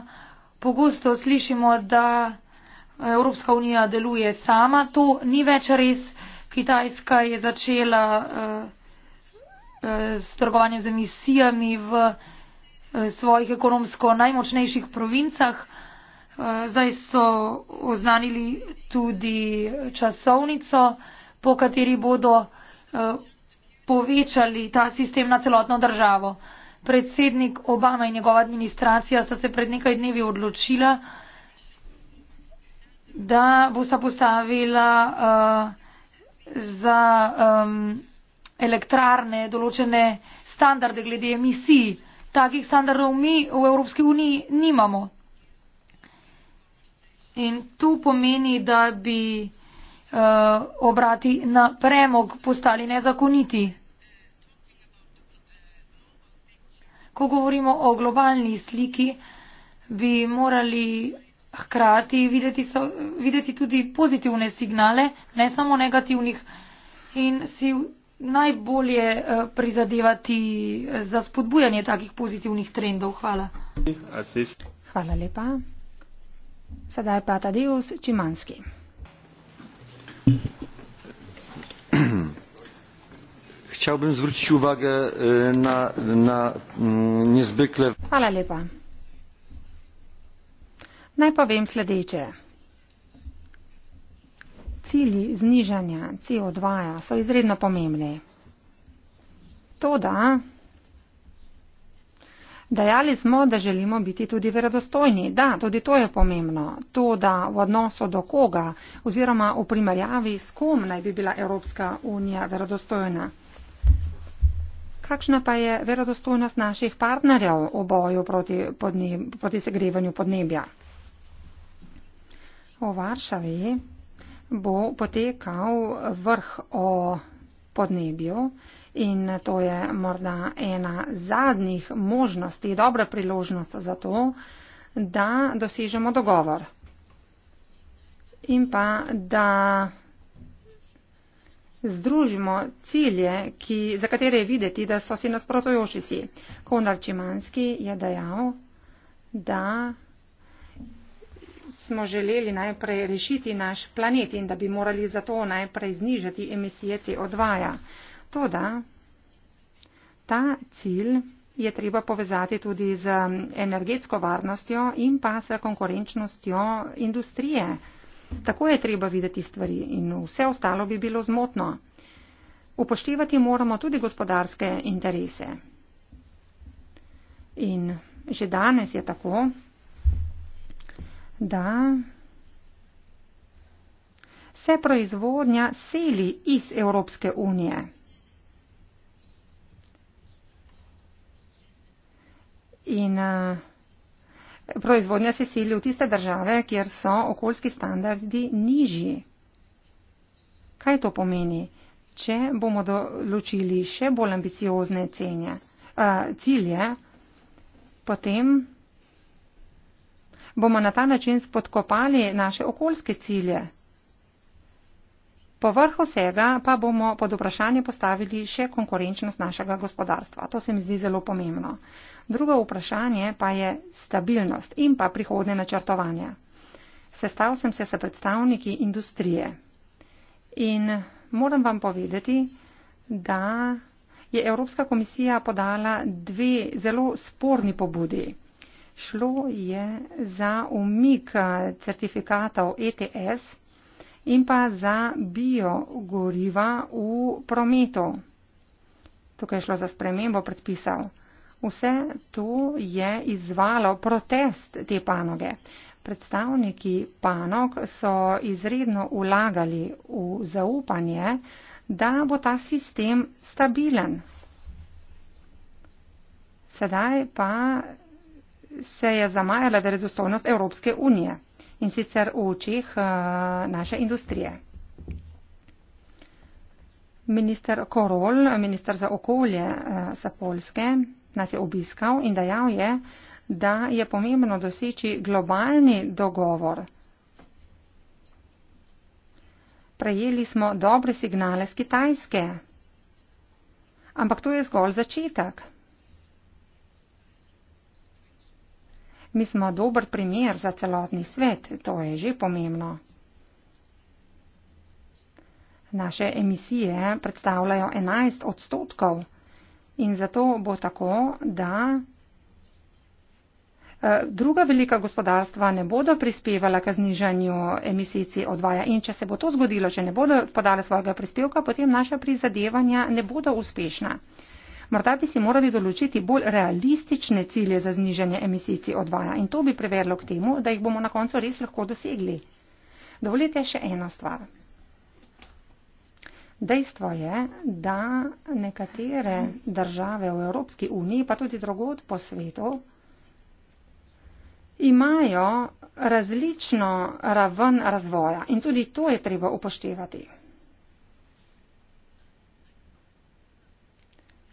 Pogosto slišimo, da Evropska unija deluje sama. To ni več res. Kitajska je začela uh, uh, s trgovanjem z emisijami v Eh, svojih ekonomsko najmočnejših provincah. Eh, zdaj so oznanili tudi časovnico, po kateri bodo eh, povečali ta sistem na celotno državo. Predsednik Obama in njegova administracija sta se pred nekaj dnevi odločila, da bo sta postavila za ehm, elektrarne določene standarde glede emisij takih standardov mi v Evropski uniji nimamo. In tu pomeni, da bi uh, obrati na premog postali nezakoniti. Ko govorimo o globalni sliki, bi morali hkrati videti, so, videti tudi pozitivne signale, ne samo negativnih. In si najbolje eh, prizadevati eh, za spodbujanje takih pozitivnih trendov. Hvala. Hvala lepa. Sedaj pa Tadeus Čimanski. Chciałbym zwrócić uwagę e, na, na mm, niezwykle. Hvala lepa. Naj povem sledeče cilji znižanja CO2 -ja so izredno pomembni. To da, dajali smo, da želimo biti tudi verodostojni. Da, tudi to je pomembno. To da v odnosu do koga oziroma v primerjavi s kom naj bi bila Evropska unija verodostojna. Kakšna pa je verodostojnost naših partnerjev v boju proti, podne, proti segrevanju podnebja? V Varšavi bo potekal vrh o podnebju in to je morda ena zadnjih možnosti, dobra priložnost za to, da dosežemo dogovor in pa da združimo cilje, ki, za katere je videti, da so si nasprotujoči si. Konar Čimanski je dejal, da smo želeli najprej rešiti naš planet in da bi morali zato najprej znižati emisije CO2. -ja. Toda ta cilj je treba povezati tudi z energetsko varnostjo in pa s konkurenčnostjo industrije. Tako je treba videti stvari in vse ostalo bi bilo zmotno. Upoštevati moramo tudi gospodarske interese. In že danes je tako, da se proizvodnja seli iz Evropske unije. In eh, proizvodnja se seli v tiste države, kjer so okoljski standardi nižji. Kaj to pomeni? Če bomo določili še bolj ambiciozne cenje, eh, cilje, potem bomo na ta način spodkopali naše okoljske cilje. Povrh vsega pa bomo pod vprašanje postavili še konkurenčnost našega gospodarstva. To se mi zdi zelo pomembno. Drugo vprašanje pa je stabilnost in pa prihodne načrtovanja. Sestal sem se s predstavniki industrije in moram vam povedati, da je Evropska komisija podala dve zelo sporni pobudi šlo je za umik eh, certifikatov ETS in pa za biogoriva v prometu. Tukaj je šlo za spremembo predpisov. Vse to je izvalo protest te panoge. Predstavniki panog so izredno ulagali v zaupanje, da bo ta sistem stabilen. Sedaj pa se je zamajala verodostojnost Evropske unije in sicer v očih eh, naše industrije. Minister Korol, minister za okolje za eh, Polske, nas je obiskal in dejal je, da je pomembno doseči globalni dogovor. Prejeli smo dobre signale z Kitajske, ampak to je zgolj začetek. Mi smo dober primer za celotni svet, to je že pomembno. Naše emisije predstavljajo 11 odstotkov in zato bo tako, da e, druga velika gospodarstva ne bodo prispevala k znižanju emisij CO2. In če se bo to zgodilo, če ne bodo podale svojega prispevka, potem naša prizadevanja ne bodo uspešna. Morda bi si morali določiti bolj realistične cilje za zniženje emisij CO2 in to bi privedlo k temu, da jih bomo na koncu res lahko dosegli. Dovolite še eno stvar. Dejstvo je, da nekatere države v Evropski uniji, pa tudi drugod po svetu, imajo različno raven razvoja in tudi to je treba upoštevati.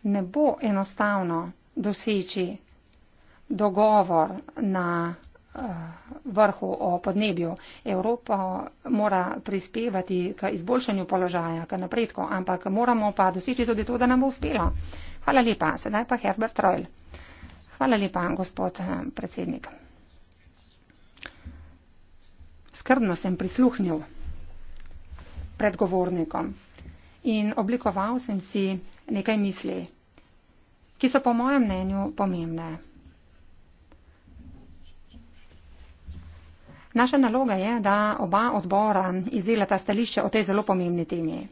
ne bo enostavno doseči dogovor na eh, vrhu o podnebju. Evropa mora prispevati k izboljšanju položaja, k napredku, ampak moramo pa doseči tudi to, da nam bo uspelo. Hvala lepa. Sedaj pa Herbert Trojl. Hvala lepa, gospod eh, predsednik. Skrbno sem prisluhnil predgovornikom in oblikoval sem si nekaj misli, ki so po mojem mnenju pomembne. Naša naloga je, da oba odbora izdelata stališče o tej zelo pomembni temi.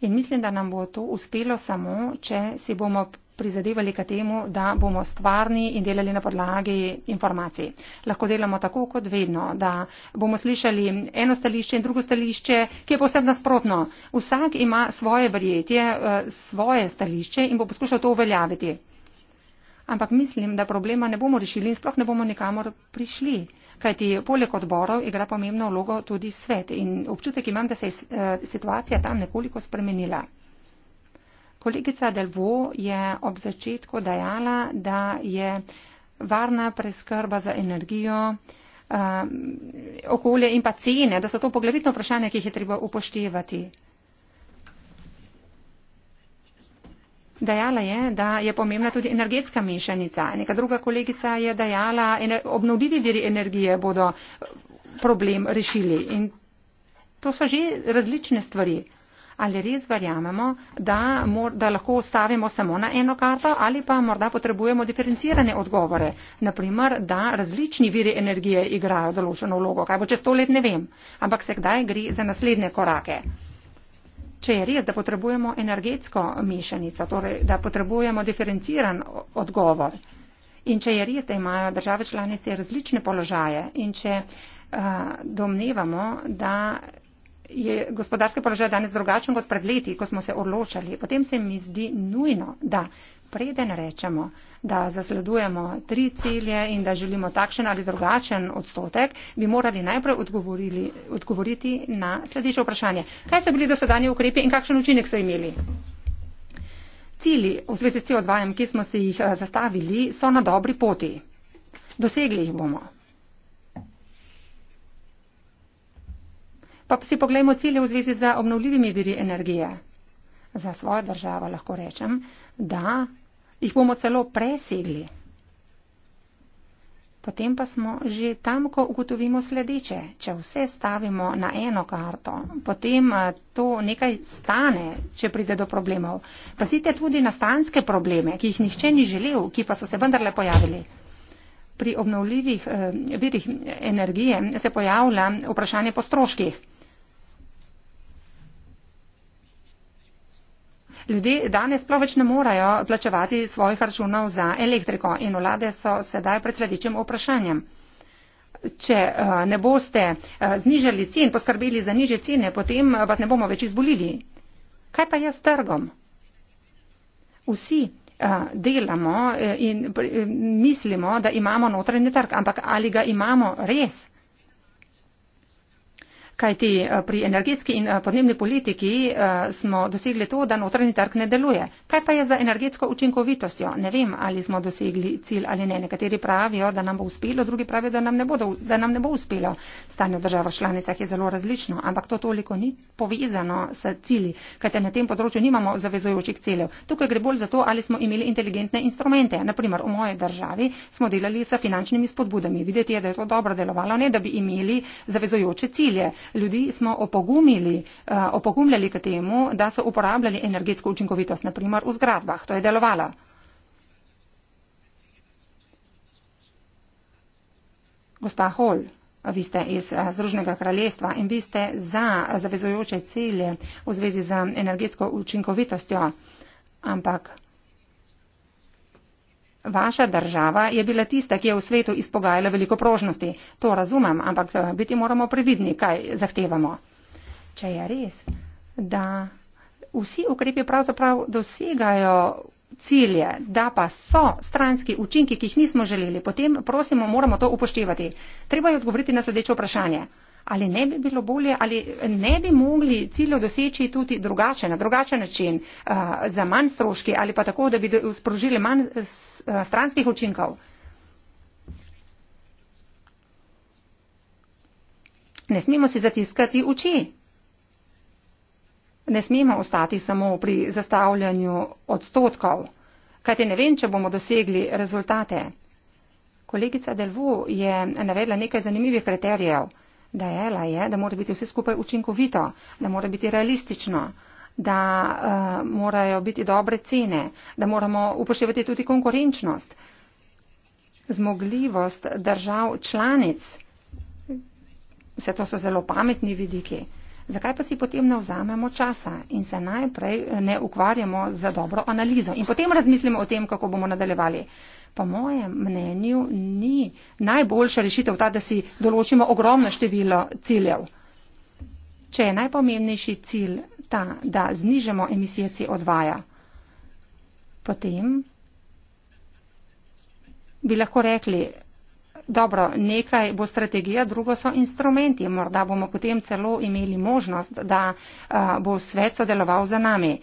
In mislim, da nam bo to uspelo samo, če si bomo prizadevali k temu, da bomo stvarni in delali na podlagi informacij. Lahko delamo tako, kot vedno, da bomo slišali eno stališče in drugo stališče, ki je posebno sprotno. Vsak ima svoje verjetje, eh, svoje stališče in bo poskušal to uveljaviti. Ampak mislim, da problema ne bomo rešili in sploh ne bomo nikamor prišli, kajti poleg odborov igra pomembno vlogo tudi svet in občutek imam, da se je eh, situacija tam nekoliko spremenila. Kolegica Delvo je ob začetku dejala, da je varna preskrba za energijo, um, okolje in pa cene, da so to poglavitno vprašanje, ki jih je treba upoštevati. Dejala je, da je pomembna tudi energetska mešanica. Neka druga kolegica je dejala, obnovljivi viri energije bodo problem rešili. In to so že različne stvari ali res verjamemo, da, mor, da lahko stavimo samo na eno karto ali pa morda potrebujemo diferencirane odgovore. Naprimer, da različni viri energije igrajo določeno vlogo. Kaj bo čez sto let, ne vem. Ampak se kdaj gre za naslednje korake. Če je res, da potrebujemo energetsko mešanico, torej da potrebujemo diferenciran odgovor. In če je res, da imajo države članice različne položaje in če uh, domnevamo, da je gospodarski položaj danes drugačen kot pred leti, ko smo se odločali, potem se mi zdi nujno, da preden rečemo, da zasledujemo tri cilje in da želimo takšen ali drugačen odstotek, bi morali najprej odgovoriti na sledeče vprašanje. Kaj so bili dosedanje ukrepi in kakšen učinek so imeli? Cili v zvezi s CO2, ki smo si jih eh, zastavili, so na dobri poti. Dosegli jih bomo. Pa si pogledajmo cilje v zvezi z obnovljivimi viri energije. Za svojo državo lahko rečem, da jih bomo celo presegli. Potem pa smo že tam, ko ugotovimo sledeče. Če vse stavimo na eno karto, potem eh, to nekaj stane, če pride do problemov. Pazite tudi na stanske probleme, ki jih nihče ni želel, ki pa so se vendarle pojavili. Pri obnovljivih eh, virih energije se pojavlja vprašanje po stroških. Ljudje danes sploh več ne morejo plačevati svojih računov za elektriko in vlade so sedaj pred sledečim vprašanjem. Če eh, ne boste eh, znižali cen, poskrbeli za niže cene, potem eh, vas ne bomo več izbolili. Kaj pa je s trgom? Vsi delamo in mislimo, da imamo notranji trg, ampak ali ga imamo res? Kajti eh, pri energetski in eh, podnebni politiki eh, smo dosegli to, da notranji trg ne deluje. Kaj pa je za energetsko učinkovitostjo? Ne vem, ali smo dosegli cilj ali ne. Nekateri pravijo, da nam bo uspelo, drugi pravijo, da nam ne, bodo, da nam ne bo uspelo. Stanje v državah članicah je zelo različno, ampak to toliko ni povezano s cilji, kajte na tem področju nimamo zavezojočih ciljev. Tukaj gre bolj za to, ali smo imeli inteligentne instrumente. Naprimer, v moje državi smo delali s finančnimi spodbudami. Videti je, da je to dobro delovalo, ne da bi imeli zavezojoče cilje ljudi smo opogumili, eh, opogumljali k temu, da so uporabljali energetsko učinkovitost, naprimer v zgradbah. To je delovalo. Gospa Hol, vi ste iz eh, Združenega kraljestva in vi ste za zavezujoče cilje v zvezi z energetsko učinkovitostjo, ampak Vaša država je bila tista, ki je v svetu izpogajala veliko prožnosti. To razumem, ampak eh, biti moramo previdni, kaj zahtevamo. Če je res, da vsi ukrepi pravzaprav dosegajo cilje, da pa so stranski učinki, ki jih nismo želeli, potem prosimo, moramo to upoštevati. Treba je odgovoriti na sledeče vprašanje ali ne bi bilo bolje, ali ne bi mogli ciljo doseči tudi drugače, na drugačen način, uh, za manj stroški ali pa tako, da bi sprožili manj uh, stranskih učinkov. Ne smemo si zatiskati oči. Ne smemo ostati samo pri zastavljanju odstotkov, kajti ne vem, če bomo dosegli rezultate. Kolegica Delvo je navedla nekaj zanimivih kriterijev dejala je, da mora biti vse skupaj učinkovito, da mora biti realistično, da uh, morajo biti dobre cene, da moramo upoštevati tudi konkurenčnost, zmogljivost držav članic. Vse to so zelo pametni vidiki. Zakaj pa si potem ne vzamemo časa in se najprej ne ukvarjamo z dobro analizo in potem razmislimo o tem, kako bomo nadaljevali. Uh, po mojem mnenju ni najboljša rešitev ta, da si določimo ogromno število ciljev. Če je najpomembnejši cilj ta, da znižamo emisije CO2, potem bi lahko rekli, dobro, nekaj bo strategija, drugo so instrumenti. Morda bomo potem celo imeli možnost, da eh, bo svet sodeloval za nami.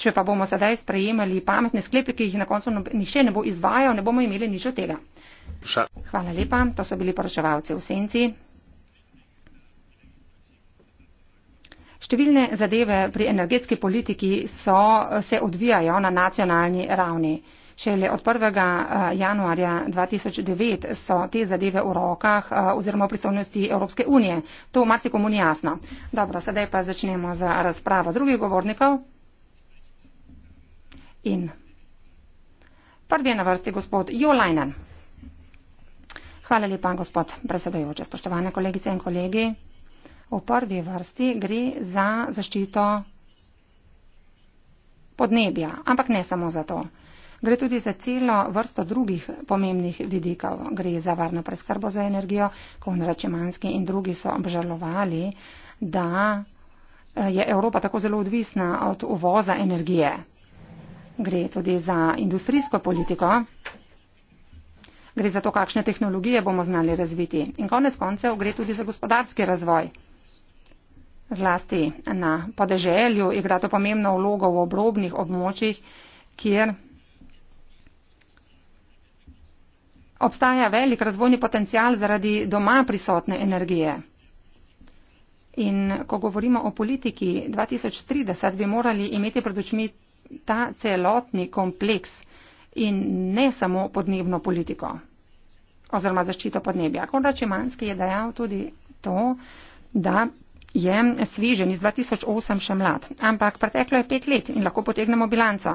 Če pa bomo sedaj sprejemali pametne sklepe, ki jih na koncu nišče ne bo izvajal, ne bomo imeli nič od tega. Ša. Hvala lepa. To so bili poročevalci v senci. Številne zadeve pri energetski politiki so, se odvijajo na nacionalni ravni. Šele od 1. Eh, januarja 2009 so te zadeve v rokah eh, oziroma v pristojnosti Evropske unije. To v marsikomu ni jasno. Dobro, sedaj pa začnemo z razpravo drugih govornikov in. Prvi je na vrsti gospod Jolajnen. Hvala lepa, gospod predsedojoče, spoštovane kolegice in kolegi. V prvi vrsti gre za zaščito podnebja, ampak ne samo za to. Gre tudi za celo vrsto drugih pomembnih vidikov. Gre za varno preskrbo za energijo, Konrad Čemanski in drugi so obžalovali, da eh, je Evropa tako zelo odvisna od uvoza energije. Gre tudi za industrijsko politiko. Gre za to, kakšne tehnologije bomo znali razviti. In konec koncev gre tudi za gospodarski razvoj. Zlasti na podeželju igra to pomembno vlogo v obrobnih območjih, kjer obstaja velik razvojni potencial zaradi doma prisotne energije. In ko govorimo o politiki 2030, bi morali imeti pred očmi ta celotni kompleks in ne samo podnebno politiko oziroma zaščito podnebja. Konrad Čemanski je dejal tudi to, da je svežen iz 2008 še mlad, ampak preteklo je pet let in lahko potegnemo bilanco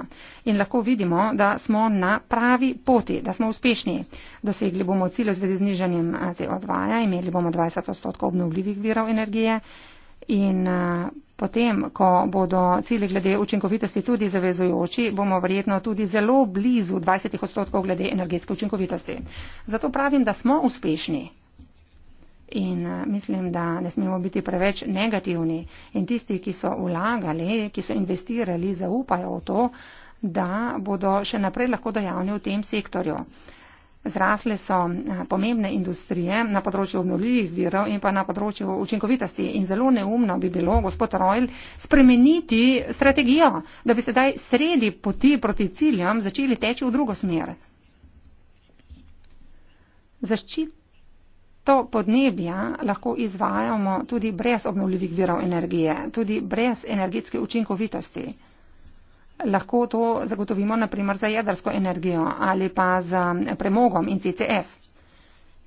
in lahko vidimo, da smo na pravi poti, da smo uspešni. Dosegli bomo cilj v zvezi z niženjem eh, CO2, imeli bomo 20 odstotkov obnovljivih virov energije in eh, Potem, ko bodo cilji glede učinkovitosti tudi zavezujoči, bomo verjetno tudi zelo blizu 20 odstotkov glede energetske učinkovitosti. Zato pravim, da smo uspešni. In eh, mislim, da ne smemo biti preveč negativni. In tisti, ki so vlagali, ki so investirali, zaupajo v to, da bodo še naprej lahko dejavni v tem sektorju. Zrasle so eh, pomembne industrije na področju obnovljivih virov in pa na področju učinkovitosti. In zelo neumno bi bilo, gospod Rojl, spremeniti strategijo, da bi sedaj sredi poti proti ciljem začeli teči v drugo smer. Zaščito podnebja lahko izvajamo tudi brez obnovljivih virov energije, tudi brez energetske učinkovitosti lahko to zagotovimo naprimer za jedrsko energijo ali pa z premogom in CCS.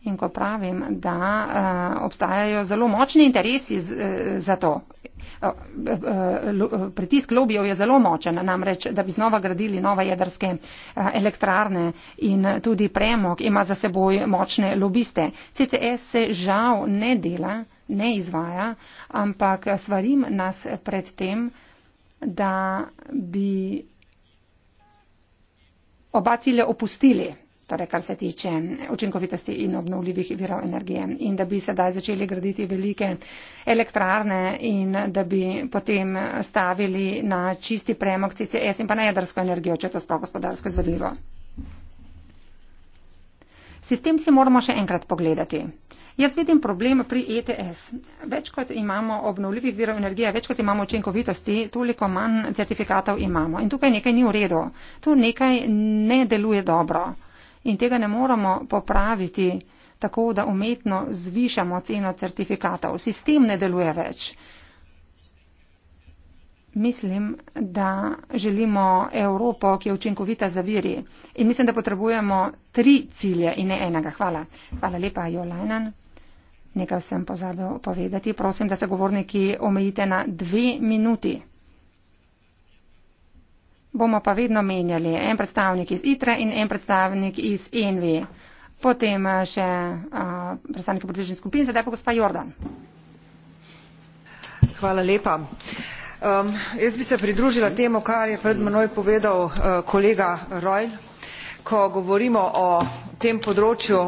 In ko pravim, da uh, obstajajo zelo močni interesi z, uh, za to, uh, uh, uh, pritisk lobijev je zelo močen, namreč, da bi znova gradili nove jedrske uh, elektrarne in tudi premog ima za seboj močne lobiste. CCS se žal ne dela, ne izvaja, ampak svarim nas pred tem, da bi oba cilja opustili, torej kar se tiče učinkovitosti in obnovljivih virov energije in da bi sedaj začeli graditi velike elektrarne in da bi potem stavili na čisti premog CCS in pa na jedrsko energijo, če je to sploh gospodarsko izvedljivo. Sistem si moramo še enkrat pogledati. Jaz vidim problem pri ETS. Več kot imamo obnovljivih virov energije, več kot imamo učinkovitosti, toliko manj certifikatov imamo. In tukaj nekaj ni v redu. Tu nekaj ne deluje dobro. In tega ne moramo popraviti tako, da umetno zvišamo ceno certifikatov. Sistem ne deluje več. Mislim, da želimo Evropo, ki je učinkovita za viri. In mislim, da potrebujemo tri cilje in ne enega. Hvala. Hvala lepa, Jolajnan. Nekaj sem pozabil povedati. Prosim, da se govorniki omejite na dve minuti. Bomo pa vedno menjali en predstavnik iz ITRE in en predstavnik iz ENV. Potem eh, še uh, eh, predstavnik politične skupine, zdaj pa gospa Jordan. Hvala lepa. Um, jaz bi se pridružila temu, kar je pred menoj povedal uh, kolega Rojl, ko govorimo o tem področju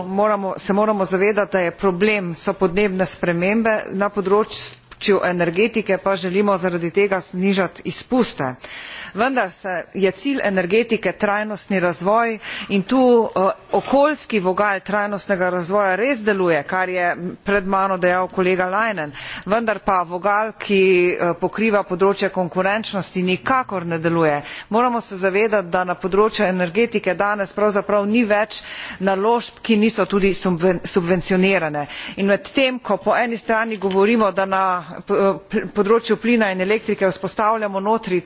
se moramo zavedati da je problem so podnebne spremembe na področju energetike pa želimo zaradi tega znižati izpuste vendar je cilj energetike trajnostni razvoj in tu eh, okoljski vogal trajnostnega razvoja res deluje kar je pred mano dejal kolega leinen vendar pa vogal ki eh, pokriva področje konkurenčnosti nikakor ne deluje. moramo se zavedati da na področju energetike danes pravzaprav ni več naložb ki niso tudi subvencionirane in medtem ko po eni strani govorimo da na eh, področju plina in elektrike vzpostavljamo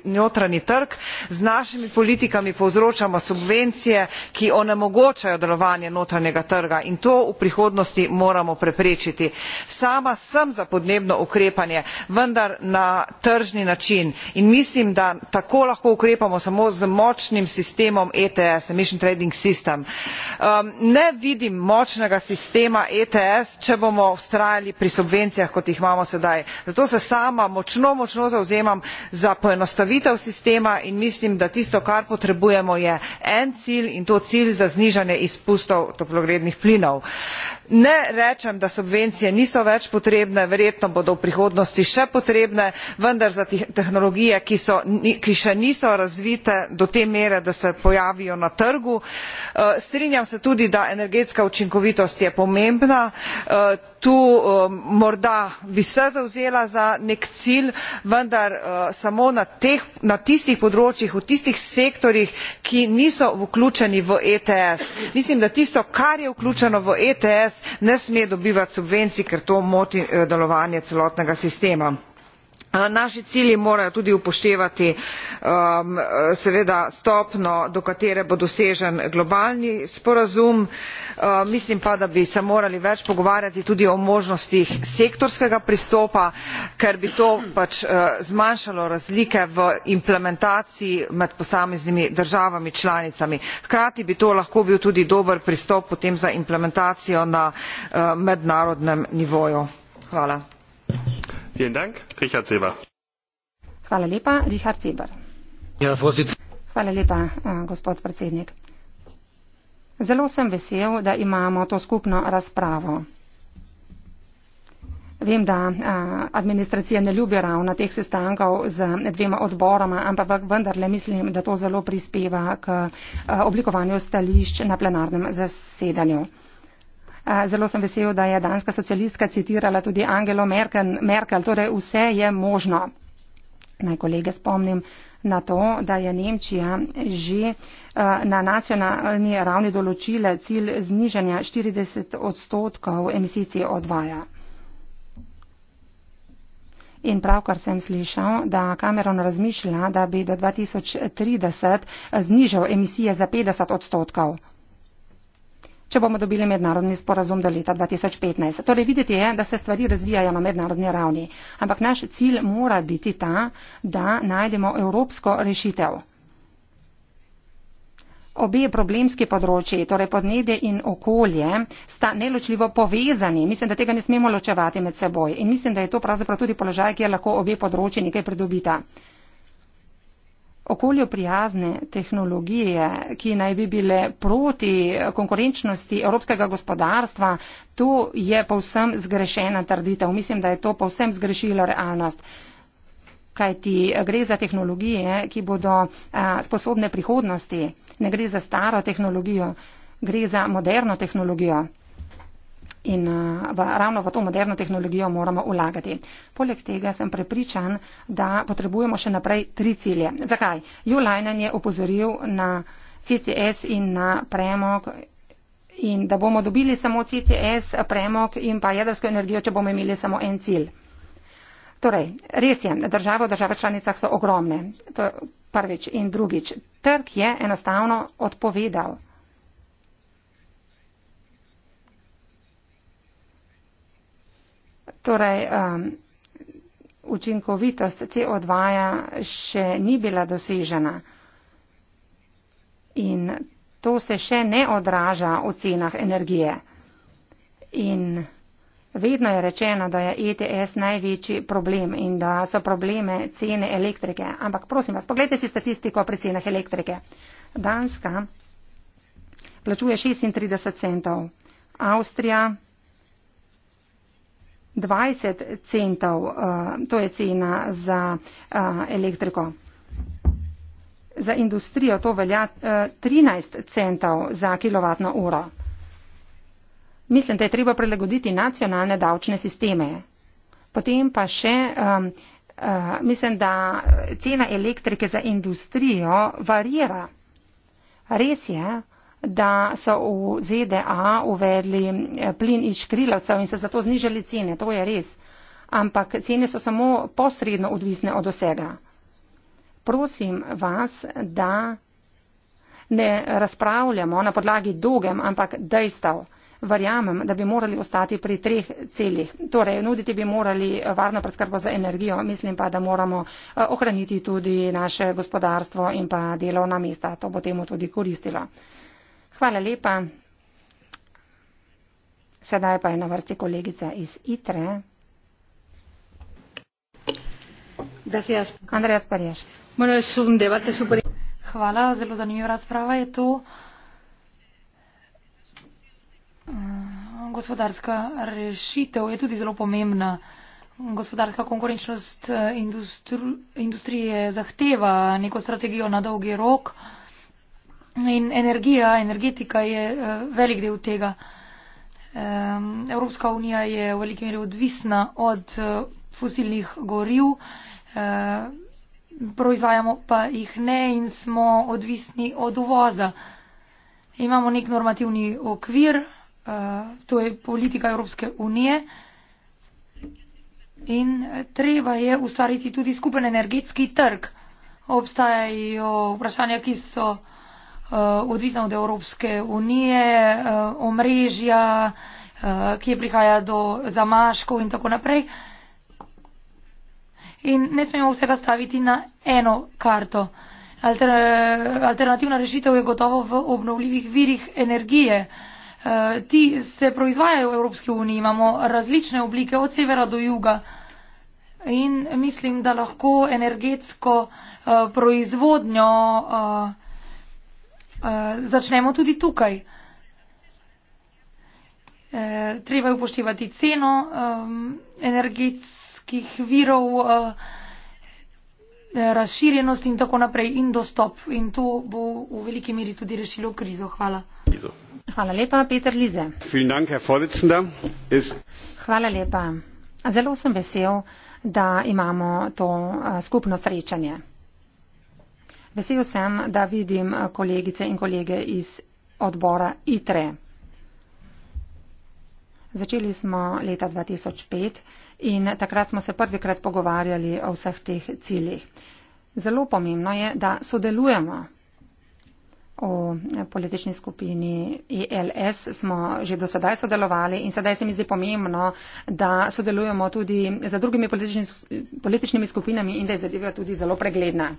notranji trg z našimi politikami povzročamo subvencije ki onemogočajo delovanje notranjega trga in to v prihodnosti moramo preprečiti. sama sem za podnebno ukrepanje vendar na tržni način in mislim da tako lahko ukrepamo samo z močnim sistemom ets emission trading system. Um, ne vidim močnega sistema ets če bomo vztrajali pri subvencijah kot jih imamo sedaj zato se sama močno močno zavzemam za poenostavitev sistema problema in mislim da tisto kar potrebujemo je en cilj in to cilj za znižanje izpustov toplogrednih plinov ne rečem da subvencije niso več potrebne verjetno bodo v prihodnosti še potrebne vendar za tehnologije ki še niso razvite do te mere da se pojavijo na trgu. Eh, strinjam se tudi da energetska učinkovitost je pomembna eh, tu eh, morda bi se zavzela za nek cilj vendar samo na tistih področjih v tistih sektorjih ki niso vključeni v ets. mislim da tisto kar je vključeno v ets ne sme dobivati subvencij ker to moti eh, delovanje celotnega sistema naši cilji morajo tudi upoštevati um, seveda stopnjo do katere bo dosežen globalni sporazum uh, mislim pa da bi se morali več pogovarjati tudi o možnostih sektorskega pristopa ker bi to pač uh, zmanjšalo razlike v implementaciji med posameznimi državami članicami hkrati bi to lahko bil tudi dober pristop potem za implementacijo na uh, mednarodnem nivoju. Hvala lepa, Richard Seber. Ja, Hvala lepa, eh, gospod predsednik. Zelo sem vesel, da imamo to skupno razpravo. Vem, da a, eh, administracija ne ljubi ravno teh sestankov z dvema odboroma, ampak vendarle mislim, da to zelo prispeva k a, eh, oblikovanju stališč na plenarnem zasedanju. Zelo sem vesel, da je danska socialistka citirala tudi Angelo Merkel, Merkel. torej vse je možno. Naj kolege spomnim na to, da je Nemčija že na nacionalni ravni določila cilj zniženja 40 odstotkov emisij CO2. In pravkar sem slišal, da Cameron razmišlja, da bi do 2030 znižal emisije za 50 odstotkov če bomo dobili mednarodni sporazum do leta 2015. Torej, videti je, da se stvari razvijajo na mednarodni ravni. Ampak naš cilj mora biti ta, da najdemo evropsko rešitev. Obe problemski področji, torej podnebje in okolje, sta neločljivo povezani. Mislim, da tega ne smemo ločevati med seboj. In mislim, da je to pravzaprav tudi položaj, kjer lahko obe področji nekaj pridobita okolju prijazne tehnologije, ki naj bi bile proti konkurenčnosti evropskega gospodarstva, to je povsem zgrešena trditev. Mislim, da je to povsem zgrešila realnost. Kaj ti gre za tehnologije, ki bodo sposobne prihodnosti, ne gre za staro tehnologijo, gre za moderno tehnologijo. In eh, v, ravno v to moderno tehnologijo moramo ulagati. Poleg tega sem prepričan, da potrebujemo še naprej tri cilje. Zakaj? Julajnen je upozoril na CCS in na premog in da bomo dobili samo CCS, premog in pa jedrsko energijo, če bomo imeli samo en cilj. Torej, res je, države v državah članicah so ogromne. To je prvič. In drugič, trg je enostavno odpovedal. Torej, um, učinkovitost te odvaja še ni bila dosežena in to se še ne odraža v cenah energije. In vedno je rečeno, da je ETS največji problem in da so probleme cene elektrike. Ampak prosim vas, pogledajte si statistiko pri cenah elektrike. Danska plačuje 36 centov, Avstrija 20 centov, eh, to je cena za eh, elektriko. Za industrijo to velja 13 eh, centov za kilovatno uro. Mislim, da je treba prilagoditi nacionalne davčne sisteme. Potem pa še, um, uh, mislim, da cena elektrike za industrijo varira. Res je, da so v ZDA uvedli eh, plin iz škrilavcev in se zato znižali cene. To je res. Ampak cene so samo posredno odvisne od vsega. Prosim vas, da ne razpravljamo na podlagi dolgem, ampak dejstev. Verjamem, da bi morali ostati pri treh celih. Torej, nuditi bi morali varno preskrbo za energijo, mislim pa, da moramo eh, ohraniti tudi naše gospodarstvo in pa delovna mesta. To bo temu tudi koristilo. Hvala lepa. Sedaj pa je na vrsti kolegica iz ITRE. Gracias. Andreja Sparješ. Bueno, es un debate super... Hvala, zelo zanimiva razprava je to. Eh, gospodarska rešitev je tudi zelo pomembna. Gospodarska konkurenčnost eh, industru, industrije zahteva neko strategijo na dolgi rok. In energija, energetika je eh, velik del tega. Evropska unija je v veliki meri odvisna od eh, fosilnih goriv, eh, proizvajamo pa jih ne in smo odvisni od uvoza. Imamo nek normativni okvir, to je politika Evropske unije. In treba je ustvariti tudi skupen energetski trg. Obstajajo vprašanja, ki so. Eh, odvisna od Evropske unije, eh, omrežja, eh, ki je prihaja do zamaškov in tako naprej. In ne smemo vsega staviti na eno karto. Alter, alternativna rešitev je gotovo v obnovljivih virih energije. Ti se proizvajajo v Evropski uniji, imamo različne oblike od severa do juga. In mislim, da lahko energetsko proizvodnjo uh, začnemo tudi tukaj. Uh, treba je upoštevati ceno um, energetskih virov, uh, razširjenost in tako naprej in dostop. In to bo v veliki meri tudi rešilo krizo. Hvala. Hvala lepa, Peter Lize. Dank, Hvala lepa. Zelo sem vesel, da imamo to skupno srečanje. Vesel sem, da vidim eh, kolegice in kolege iz odbora ITRE. Začeli smo leta 2005 in takrat smo se prvikrat pogovarjali o vseh teh ciljih. Zelo pomembno je, da sodelujemo. O eh, politični skupini ELS smo že do sedaj sodelovali in sedaj se mi zdi pomembno, da sodelujemo tudi za drugimi politični, političnimi skupinami in da je zadeva tudi zelo pregledna.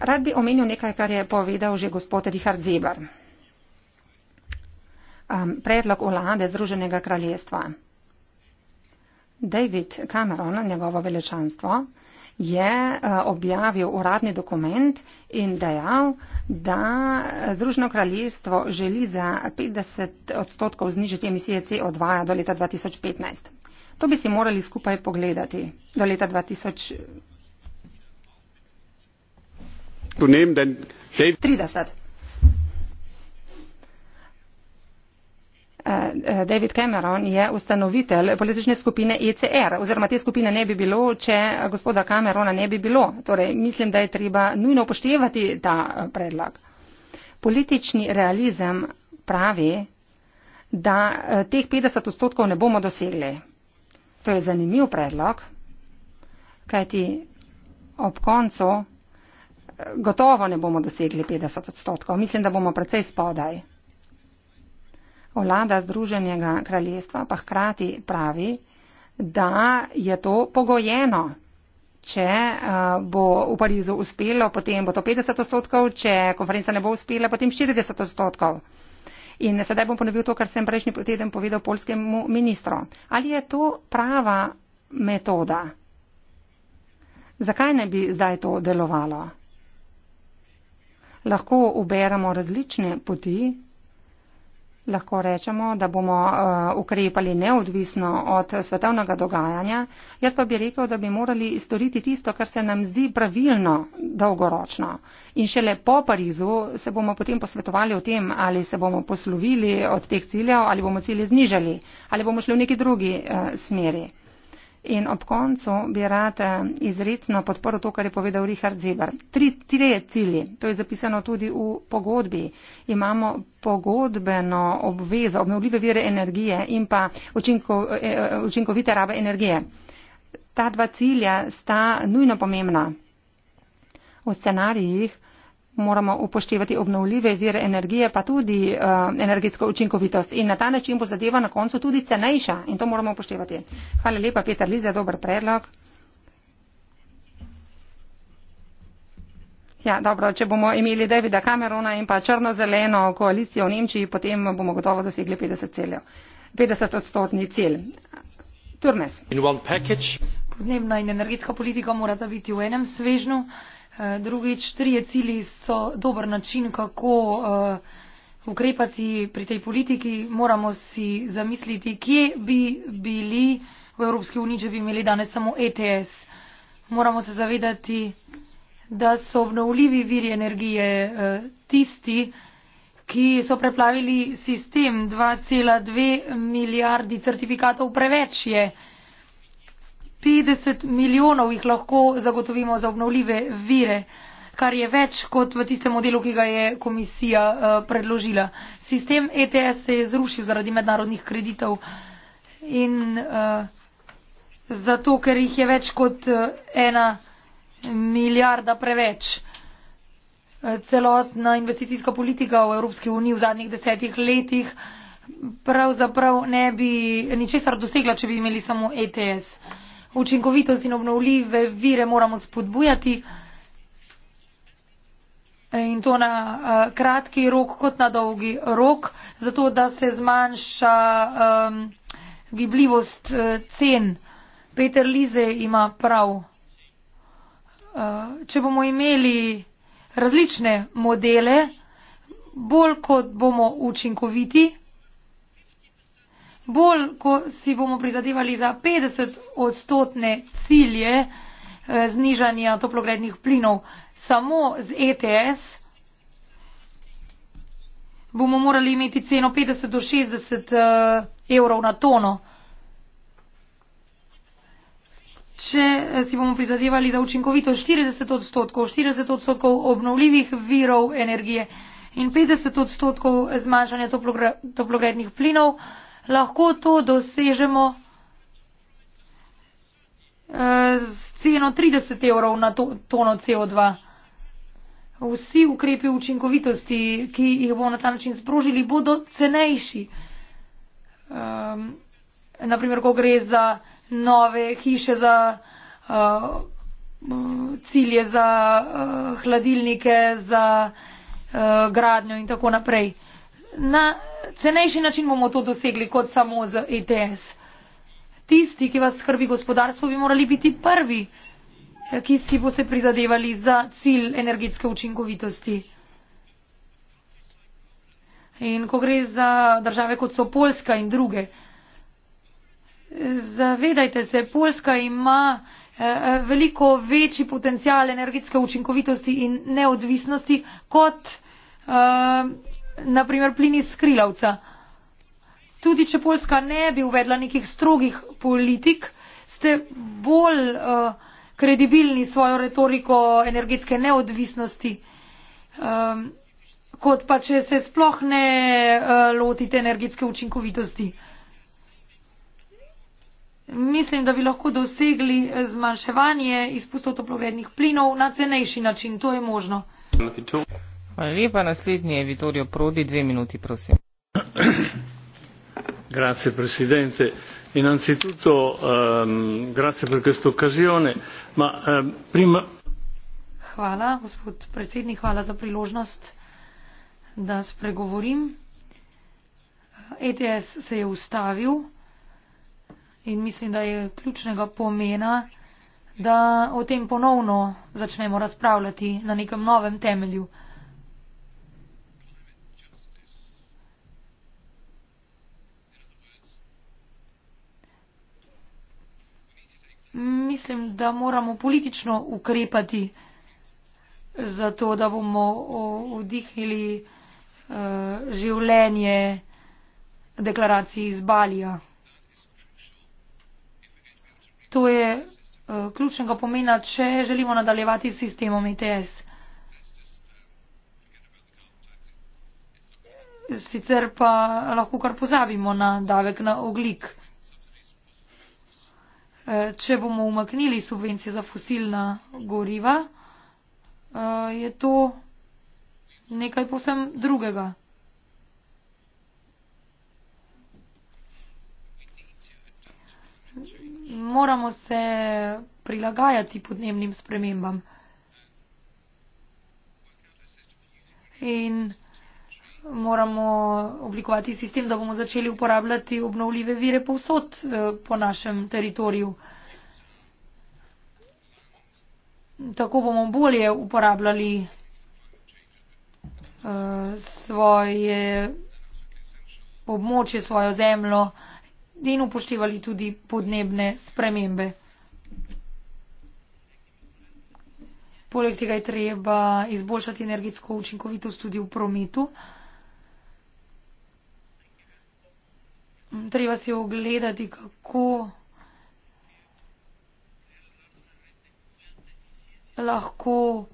Rad bi omenil nekaj, kar je povedal že gospod Richard Zeber. Um, predlog vlade Združenega kraljestva. David Cameron, njegovo velečanstvo, je eh, objavil uradni dokument in dejal, da eh, Združeno kraljestvo želi za 50 odstotkov znižiti emisije CO2 do leta 2015. To bi si morali skupaj pogledati do leta 2015 zu nehmen denn trideset eh, eh, David Cameron je ustanovitelj politične skupine ECR oziroma te skupine ne bi bilo, če gospoda Camerona ne bi bilo. Torej, mislim, da je treba nujno upoštevati ta eh, predlog. Politični realizem pravi, da teh 50 odstotkov ne bomo dosegli. To je zanimiv predlog, kajti ob koncu gotovo ne bomo dosegli 50 odstotkov. Mislim, da bomo precej spodaj. Vlada Združenega kraljestva pa hkrati pravi, da je to pogojeno. Če uh, bo v Parizu uspelo, potem bo to 50 odstotkov, če konferenca ne bo uspela, potem 40 odstotkov. In sedaj bom ponovil to, kar sem prejšnji teden povedal polskemu ministru. Ali je to prava metoda? Zakaj ne bi zdaj to delovalo? lahko uberemo različne poti. Lahko rečemo, da bomo uh, ukrepali neodvisno od svetovnega dogajanja. Jaz pa bi rekel, da bi morali storiti tisto, kar se nam zdi pravilno dolgoročno. In šele po Parizu se bomo potem posvetovali o tem, ali se bomo poslovili od teh ciljev, ali bomo cilje znižali, ali bomo šli v neki drugi uh, smeri. In ob koncu bi rad eh, izredno podporo to, kar je povedal Richard Zeber. Tri, tri cilje, to je zapisano tudi v pogodbi. Imamo pogodbeno obvezo, obnovljive vire energije in pa učinko, eh, eh, učinkovite rabe energije. Ta dva cilja sta nujno pomembna. V scenarijih, moramo upoštevati obnovljive vire energije, pa tudi uh, energetsko učinkovitost. In na ta način bo zadeva na koncu tudi cenejša in to moramo upoštevati. Hvala lepa, Peter Liz, za dober predlog. Ja, dobro, če bomo imeli Davida Camerona in pa črno-zeleno koalicijo v Nemčiji, potem bomo gotovo dosegli 50, celjo, 50 odstotni cilj. Turmes. Podnebna in energetska politika morata biti v enem svežnu. Eh, drugič, trije cili so dober način, kako eh, ukrepati pri tej politiki. Moramo si zamisliti, kje bi bili v Evropski uniji, če bi imeli danes samo ETS. Moramo se zavedati, da so obnovljivi viri energije eh, tisti, ki so preplavili sistem 2,2 milijardi certifikatov preveč je. 50 milijonov jih lahko zagotovimo za obnovljive vire, kar je več kot v tistem modelu, ki ga je komisija eh, predložila. Sistem ETS se je zrušil zaradi mednarodnih kreditov in uh, zato, ker jih je več kot eh, ena milijarda preveč. Celotna investicijska politika v Evropski uniji v zadnjih desetih letih pravzaprav ne bi ničesar dosegla, če bi imeli samo ETS. Uh, učinkovitost in obnovljive vire moramo spodbujati in to na eh, kratki rok kot na dolgi rok, zato da se zmanjša um, gibljivost eh, cen. Peter Lize ima prav. Eh, če bomo imeli različne modele, bolj kot bomo učinkoviti, bolj, ko si bomo prizadevali za 50 odstotne cilje eh, znižanja toplogrednih plinov samo z ETS, bomo morali imeti ceno 50 do 60 eh, evrov na tono. Če eh, si bomo prizadevali za učinkovito 40 odstotkov, 40 odstotkov obnovljivih virov energije in 50 odstotkov zmanjšanja toplogrednih plinov, lahko to dosežemo z eh, ceno 30 evrov na tono CO2. Vsi ukrepi učinkovitosti, ki jih bomo na ta način sprožili, bodo cenejši. Um, ehm, naprimer, ko gre za nove hiše, za uh, cilje, za uh, hladilnike, za uh, gradnjo in tako naprej. Na cenejši način bomo to dosegli kot samo z ETS. Tisti, ki vas skrbi gospodarstvo, bi morali biti prvi, ki si boste prizadevali za cilj energetske učinkovitosti. In ko gre za države, kot so Poljska in druge, zavedajte se, Poljska ima eh, eh, veliko večji potencial energetske učinkovitosti in neodvisnosti kot. Uh, naprimer plin iz skrilavca. Tudi če Poljska ne bi uvedla nekih strogih politik, ste bolj uh, kredibilni svojo retoriko energetske neodvisnosti, um, kot pa če se sploh ne uh, lotite energetske učinkovitosti. Mislim, da bi lahko dosegli eh, zmanjševanje izpustov toplogrednih plinov na cenejši način. To je možno. Okay, Hvala lepa. Naslednji je Vittorio Prodi, dve minuti, prosim. Grazie Presidente. Innanzitutto um, grazie per questa occasione. Ma, um, prima... Hvala, gospod predsednik, hvala za priložnost, da spregovorim. ETS se je ustavil in mislim, da je ključnega pomena, da o tem ponovno začnemo razpravljati na nekem novem temelju. Mislim, da moramo politično ukrepati za to, da bomo vdihnili eh, življenje deklaraciji iz Balija. To je eh, ključnega pomena, če želimo nadaljevati s sistemom ETS. Sicer pa lahko kar pozabimo na davek na oglik. Eh, če bomo umaknili subvencije za fosilna goriva, eh, je to nekaj povsem drugega. Moramo se prilagajati podnebnim spremembam. In moramo oblikovati sistem, da bomo začeli uporabljati obnovljive vire povsod eh, po našem teritoriju. Tako bomo bolje uporabljali eh, svoje območje, svojo zemljo in upoštevali tudi podnebne spremembe. Poleg tega je treba izboljšati energetsko učinkovitost tudi v prometu. Mm, treba si ogledati, kako lahko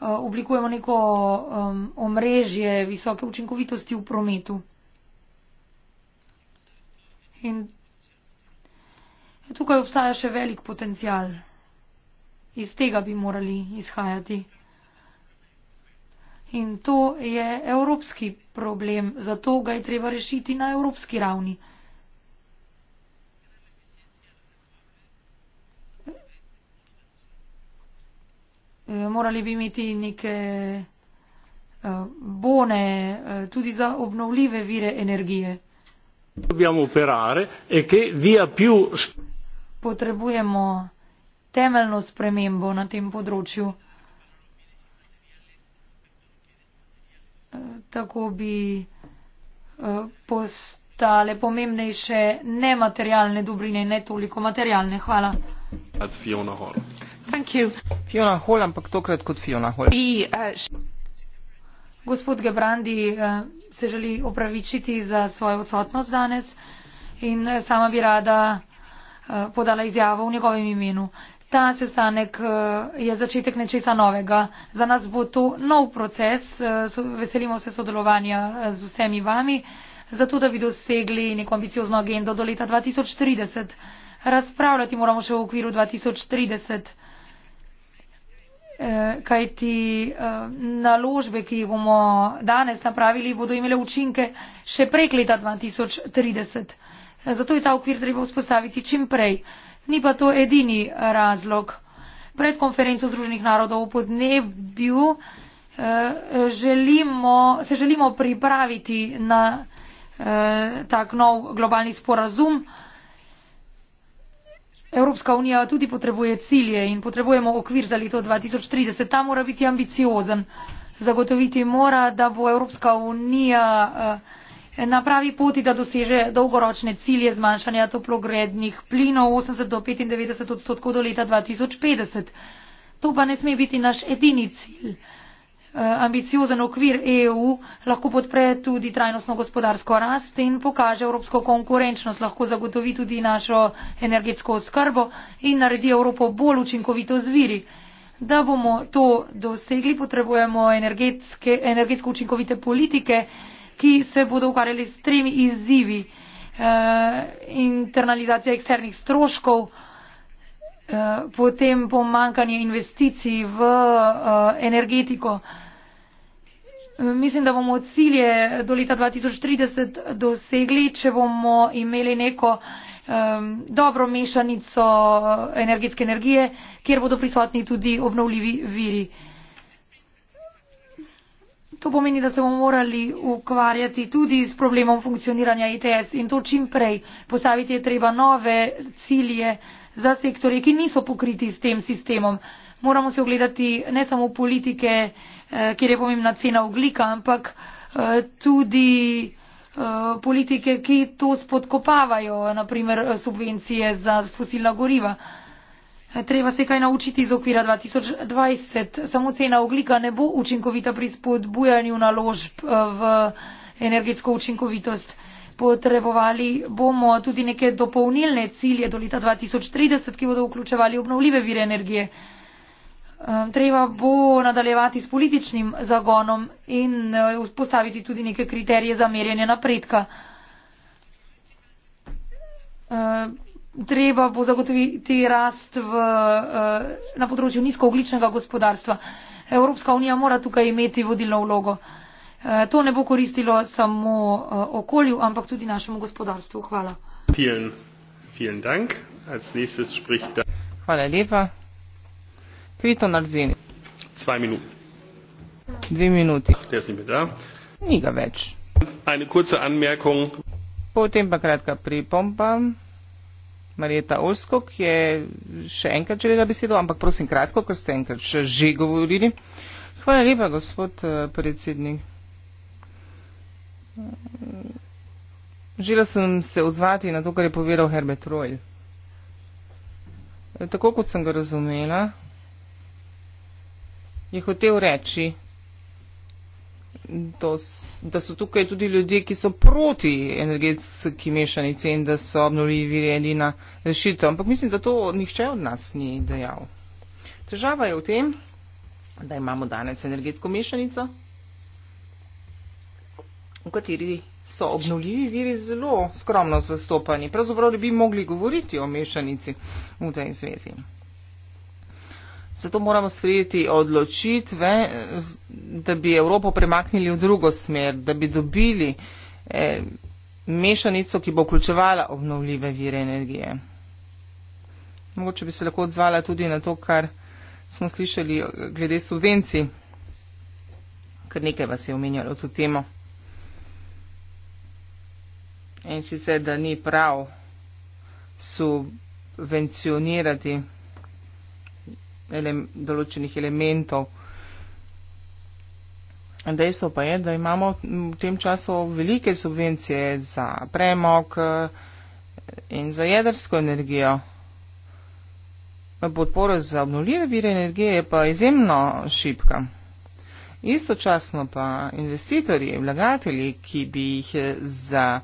eh, oblikujemo neko omrežje visoke učinkovitosti v prometu. In tukaj obstaja še velik potencial. Iz tega bi morali izhajati. In to je evropski problem, zato ga je treba rešiti na evropski ravni. Morali bi imeti neke eh, bone eh, tudi za obnovljive vire energije. E Potrebujemo temeljno spremembo na tem področju. tako bi eh, postale pomembnejše nematerialne dobrine, ne toliko materialne. Hvala. Fiona Hall. Thank you. Fiona Hall, ampak tokrat kot Fiona Hall. I, uh, Gospod Gebrandi uh, se želi opravičiti za svojo odsotnost danes in uh, sama bi rada uh, podala izjavo v njegovem imenu. Ta sestanek eh, je začetek nečesa novega. Za nas bo to nov proces, eh, veselimo se sodelovanja eh, z vsemi vami, zato da bi dosegli neko ambiciozno agendo do leta 2030. Razpravljati moramo še v okviru 2030, kaj ti naložbe, ki jih bomo danes napravili, bodo imele učinke še prek leta 2030. Zato je ta okvir treba vzpostaviti čim prej ni pa to edini razlog. Pred konferenco Združenih narodov v podnebju eh, želimo, se želimo pripraviti na eh, tak nov globalni sporazum. Evropska unija tudi potrebuje cilje in potrebujemo okvir za leto 2030. Ta mora biti ambiciozen. Zagotoviti mora, da bo Evropska unija uh, na pravi poti, da doseže dolgoročne cilje zmanjšanja toplogrednih plinov 80 do 95 odstotkov do leta 2050. To pa ne sme biti naš edini cilj. E, ambiciozen okvir EU lahko podpre tudi trajnostno gospodarsko rast in pokaže evropsko konkurenčnost, lahko zagotovi tudi našo energetsko oskrbo in naredi Evropo bolj učinkovito z viri. Da bomo to dosegli, potrebujemo energetske, energetsko učinkovite politike, ki se bodo ukvarjali s tremi izzivi eh, internalizacija eksternih stroškov, eh, potem pomankanje investicij v eh, energetiko. Mislim, da bomo cilje do leta 2030 dosegli, če bomo imeli neko eh, dobro mešanico eh, energetske energije, kjer bodo prisotni tudi obnovljivi viri to pomeni, da se bomo morali ukvarjati tudi s problemom funkcioniranja ITS e in to čim prej. Postaviti je treba nove cilje za sektorje, ki niso pokriti s tem sistemom. Moramo se ogledati ne samo politike, eh, kjer je pomembna cena oglika, ampak eh, tudi eh, politike, ki to spodkopavajo, naprimer subvencije za fosilna goriva. Treba se kaj naučiti iz okvira 2020. Samo cena oglika ne bo učinkovita pri spodbujanju naložb eh, v energetsko učinkovitost. Potrebovali bomo tudi neke dopolnilne cilje do leta 2030, ki bodo vključevali obnovljive vire energije. Eh, treba bo nadaljevati s političnim zagonom in eh, vzpostaviti tudi neke kriterije za merjenje napredka treba bo zagotoviti rast v, eh, na področju nizkoogličnega gospodarstva. Evropska unija mora tukaj imeti vodilno vlogo. Eh, to ne bo koristilo samo eh, okolju, ampak tudi našemu gospodarstvu. Hvala. Vielen, vielen Dank. Als nächstes spricht der. Hvala lepa. Krito Narzini. Zwei Minuten. Dve minuti. Ach, der ist nicht mehr da. Ni ga več. Eine kurze Anmerkung. Potem pa kratka pripomba. Marjeta Olsko, ki je še enkrat želela besedo, ampak prosim kratko, ker ste enkrat še že govorili. Hvala lepa, gospod eh, predsednik. Žela sem se odzvati na to, kar je povedal Herbert Roy. Tako kot sem ga razumela, je hotel reči, da so tukaj tudi ljudje, ki so proti energetski mešanici in da so obnovljivi viri edina rešitev. Ampak mislim, da to nihče od nas ni dejal. Težava je v tem, da imamo danes energetsko mešanico, v kateri so obnovljivi viri zelo skromno zastopani. Pravzaprav bi mogli govoriti o mešanici v tej svetu. Zato moramo sprejeti odločitve, da bi Evropo premaknili v drugo smer, da bi dobili eh, mešanico, ki bo vključevala obnovljive vire energije. Mogoče bi se lahko odzvala tudi na to, kar smo slišali glede subvencij, ker nekaj vas je omenjalo to temo. In sicer, da ni prav subvencionirati ele, določenih elementov. Dejstvo pa je, da imamo v tem času velike subvencije za premog eh, in za jedrsko energijo. Podpora za obnovljive vire energije je pa izjemno šipka. Istočasno pa investitorji, vlagatelji, ki bi jih eh, za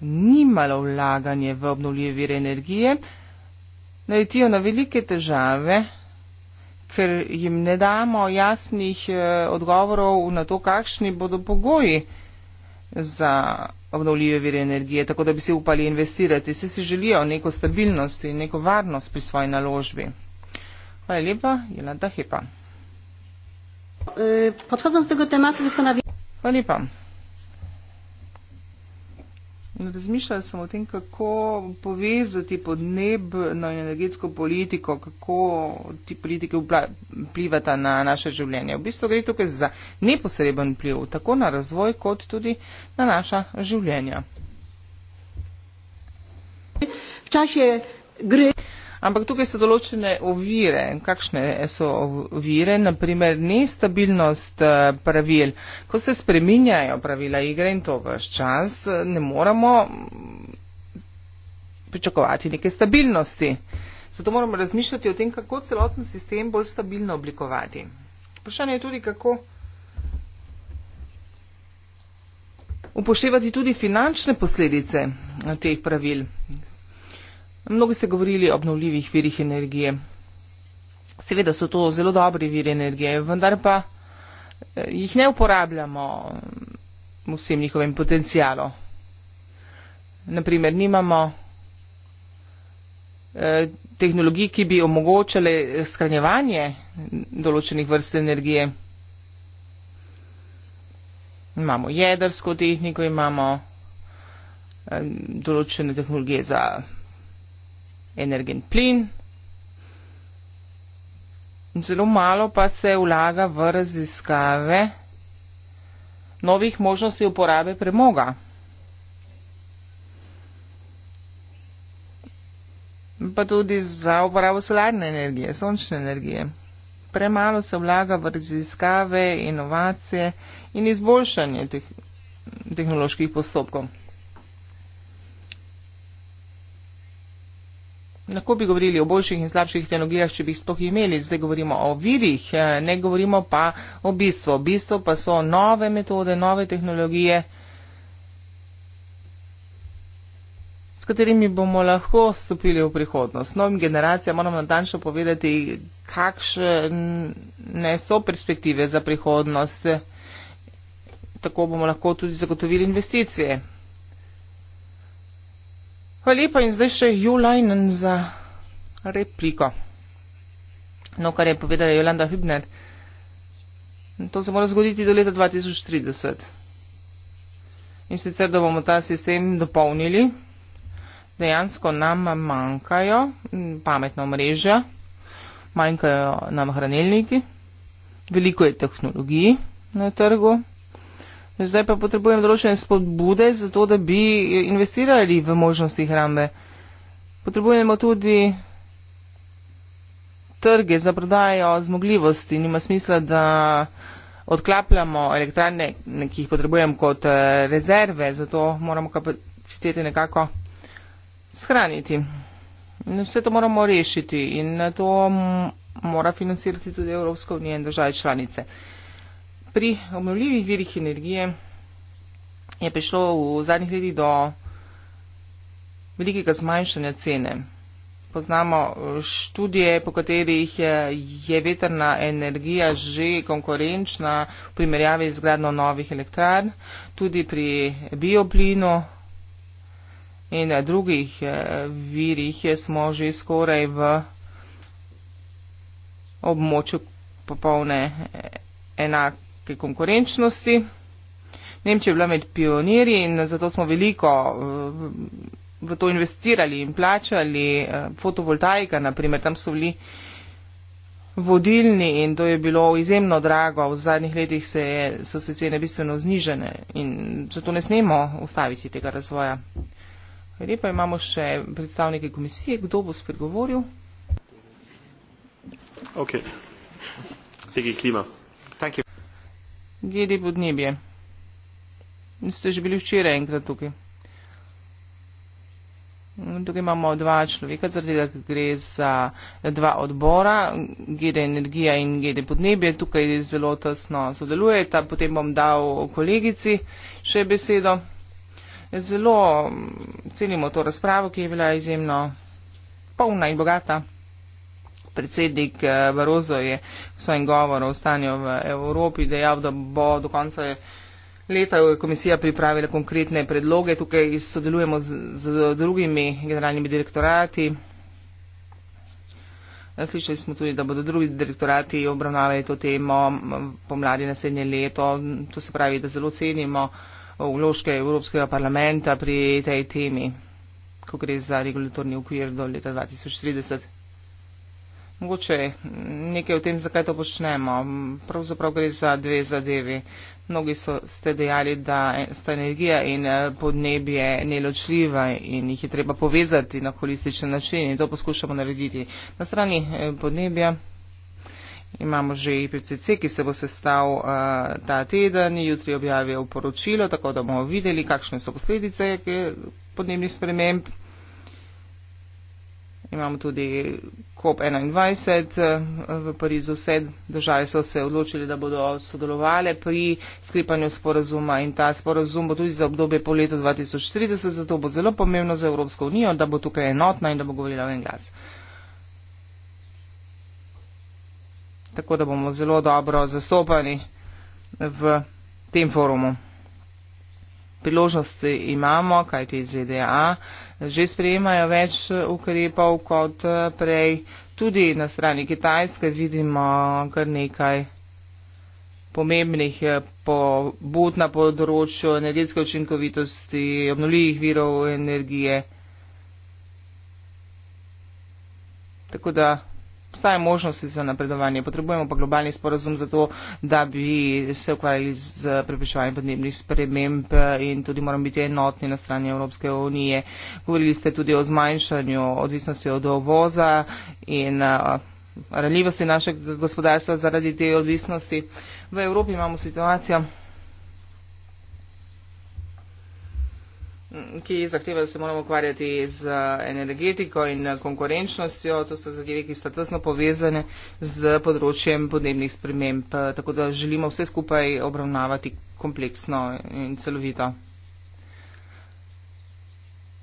nimalo vlaganje v obnovljive vire energije, naletijo na velike težave ker jim ne damo jasnih eh, odgovorov na to, kakšni bodo pogoji za obnovljive vire energije, tako da bi si upali investirati. Vsi si želijo neko stabilnost in neko varnost pri svoji naložbi. Hvala lepa, Jelena Dahepa. E, Podhodom z tega temata zastanavim. Hvala lepa razmišljali smo o tem, kako povezati podnebno in energetsko politiko, kako ti politiki vplivata na naše življenje. V bistvu gre tukaj za neposreben vpliv, tako na razvoj, kot tudi na naša življenja. Včasih gre Ampak tukaj so določene ovire. Kakšne so ovire? Naprimer, nestabilnost eh, pravil. Ko se spreminjajo pravila igre in to vse čas, eh, ne moramo mm, pričakovati neke stabilnosti. Zato moramo razmišljati o tem, kako celoten sistem bolj stabilno oblikovati. Vprašanje je tudi, kako upoštevati tudi finančne posledice eh, teh pravil. Mnogi ste govorili o obnovljivih virih energije. Seveda so to zelo dobri viri energije, vendar pa eh, jih ne uporabljamo mm, vsem njihovim potencijalom. Naprimer, nimamo eh, tehnologij, ki bi omogočale eh, skranjevanje določenih vrst energije. Imamo jedrsko tehniko, imamo določene tehnologije za energen plin. Zelo malo pa se vlaga v raziskave novih možnosti uporabe premoga. Pa tudi za uporabo solarne energije, sončne energije. Premalo se vlaga v raziskave, inovacije in izboljšanje teh tehnoloških postopkov. Lahko bi govorili o boljših in slabših tehnologijah, če bi jih sploh imeli. Zdaj govorimo o virih, eh, ne govorimo pa o bistvu. Bistvo pa so nove metode, nove tehnologije, s katerimi bomo lahko stopili v prihodnost. Novim generacijam moramo natančno povedati, kakšne so perspektive za prihodnost. Tako bomo lahko tudi zagotovili investicije. Hvala lepa in zdaj še Julajnen za repliko. No, kar je povedala Jolanda Hübner. To se mora zgoditi do leta 2030. In sicer, da bomo ta sistem dopolnili. Dejansko nam manjkajo pametna mreža, manjkajo nam hranilniki, veliko je tehnologij na trgu zdaj pa potrebujem določene spodbude za to, da bi investirali v možnosti hrambe. Potrebujemo tudi trge za prodajo zmogljivosti. Nima smisla, da odklapljamo elektrane, ki jih potrebujem kot eh, rezerve, zato moramo kapacitete nekako shraniti. Vse to moramo rešiti in to mm, mora financirati tudi Evropska unija in države članice pri obnovljivih virih energije je prišlo v zadnjih letih do velikega zmanjšanja cene. Poznamo eh, študije, po katerih je veterna energija že konkurenčna v primerjavi z gradno novih elektrarn, tudi pri bioplinu in eh, drugih eh, virih smo že skoraj v območju popolne enak neke konkurenčnosti. Nemčija je bila med pionirji in zato smo veliko eh, v to investirali in plačali. Eh, fotovoltaika, naprimer, tam so bili vodilni in to je bilo izjemno drago. V zadnjih letih se je, so se cene bistveno znižene in zato ne smemo ustaviti tega razvoja. Lepa imamo še predstavnike komisije. Kdo bo spregovoril? Ok. Tegi klima. Gedi podnebje. Niste že bili včeraj enkrat tukaj. Tukaj imamo dva človeka, zaradi tega, ker gre za dva odbora, GD energija in GD podnebje. Tukaj zelo tesno sodelujete. Potem bom dal kolegici še besedo. Zelo mm, cenimo to razpravo, ki je bila izjemno polna in bogata predsednik eh, Barozo je v svojem govoru o stanju v Evropi dejal, da bo do konca leta komisija pripravila konkretne predloge. Tukaj sodelujemo z, z drugimi generalnimi direktorati. Eh, slišali smo tudi, da bodo drugi direktorati obravnavali to temo pomladi naslednje leto. To se pravi, da zelo cenimo eh, vložke Evropskega parlamenta pri tej temi, ko gre za regulatorni ukvir do leta 2030. Mogoče nekaj o tem, zakaj to počnemo. Pravzaprav gre za dve zadevi. Mnogi so, ste dejali, da sta energija in eh, podnebje neločljiva in jih je treba povezati na holističen način in to poskušamo narediti. Na strani eh, podnebja imamo že IPCC, ki se bo sestal uh, ta teden, jutri objavil poročilo, tako da bomo videli, kakšne so posledice podnebnih sprememb imamo tudi COP21 eh, v Parizu. Vse države so se odločili, da bodo sodelovali pri sklepanju sporazuma in ta sporazum bo tudi za obdobje po letu 2030, zato bo zelo pomembno za Evropsko unijo, da bo tukaj enotna in da bo govorila v en glas. Tako da bomo zelo dobro zastopani v tem forumu. Priložnosti imamo, kajti iz ZDA že sprejemajo več ukrepov kot prej. Tudi na strani Kitajske vidimo kar nekaj pomembnih eh, pobud na področju energetske učinkovitosti, obnovljivih virov energije. Tako da obstaja možnosti za napredovanje, potrebujemo pa globalni sporazum za to, da bi se ukvarjali z preprečevanjem podnebnih sprememb in tudi moramo biti enotni na strani Evropske unije. Govorili ste tudi o zmanjšanju odvisnosti od ovoza in ranljivosti našega gospodarstva zaradi te odvisnosti. V Evropi imamo situacijo, ki zahteva, da se moramo ukvarjati z eh, energetiko in eh, konkurenčnostjo. To so zadeve, ki sta tesno povezane z področjem podnebnih sprememb. Eh, tako da želimo vse skupaj obravnavati kompleksno in celovito.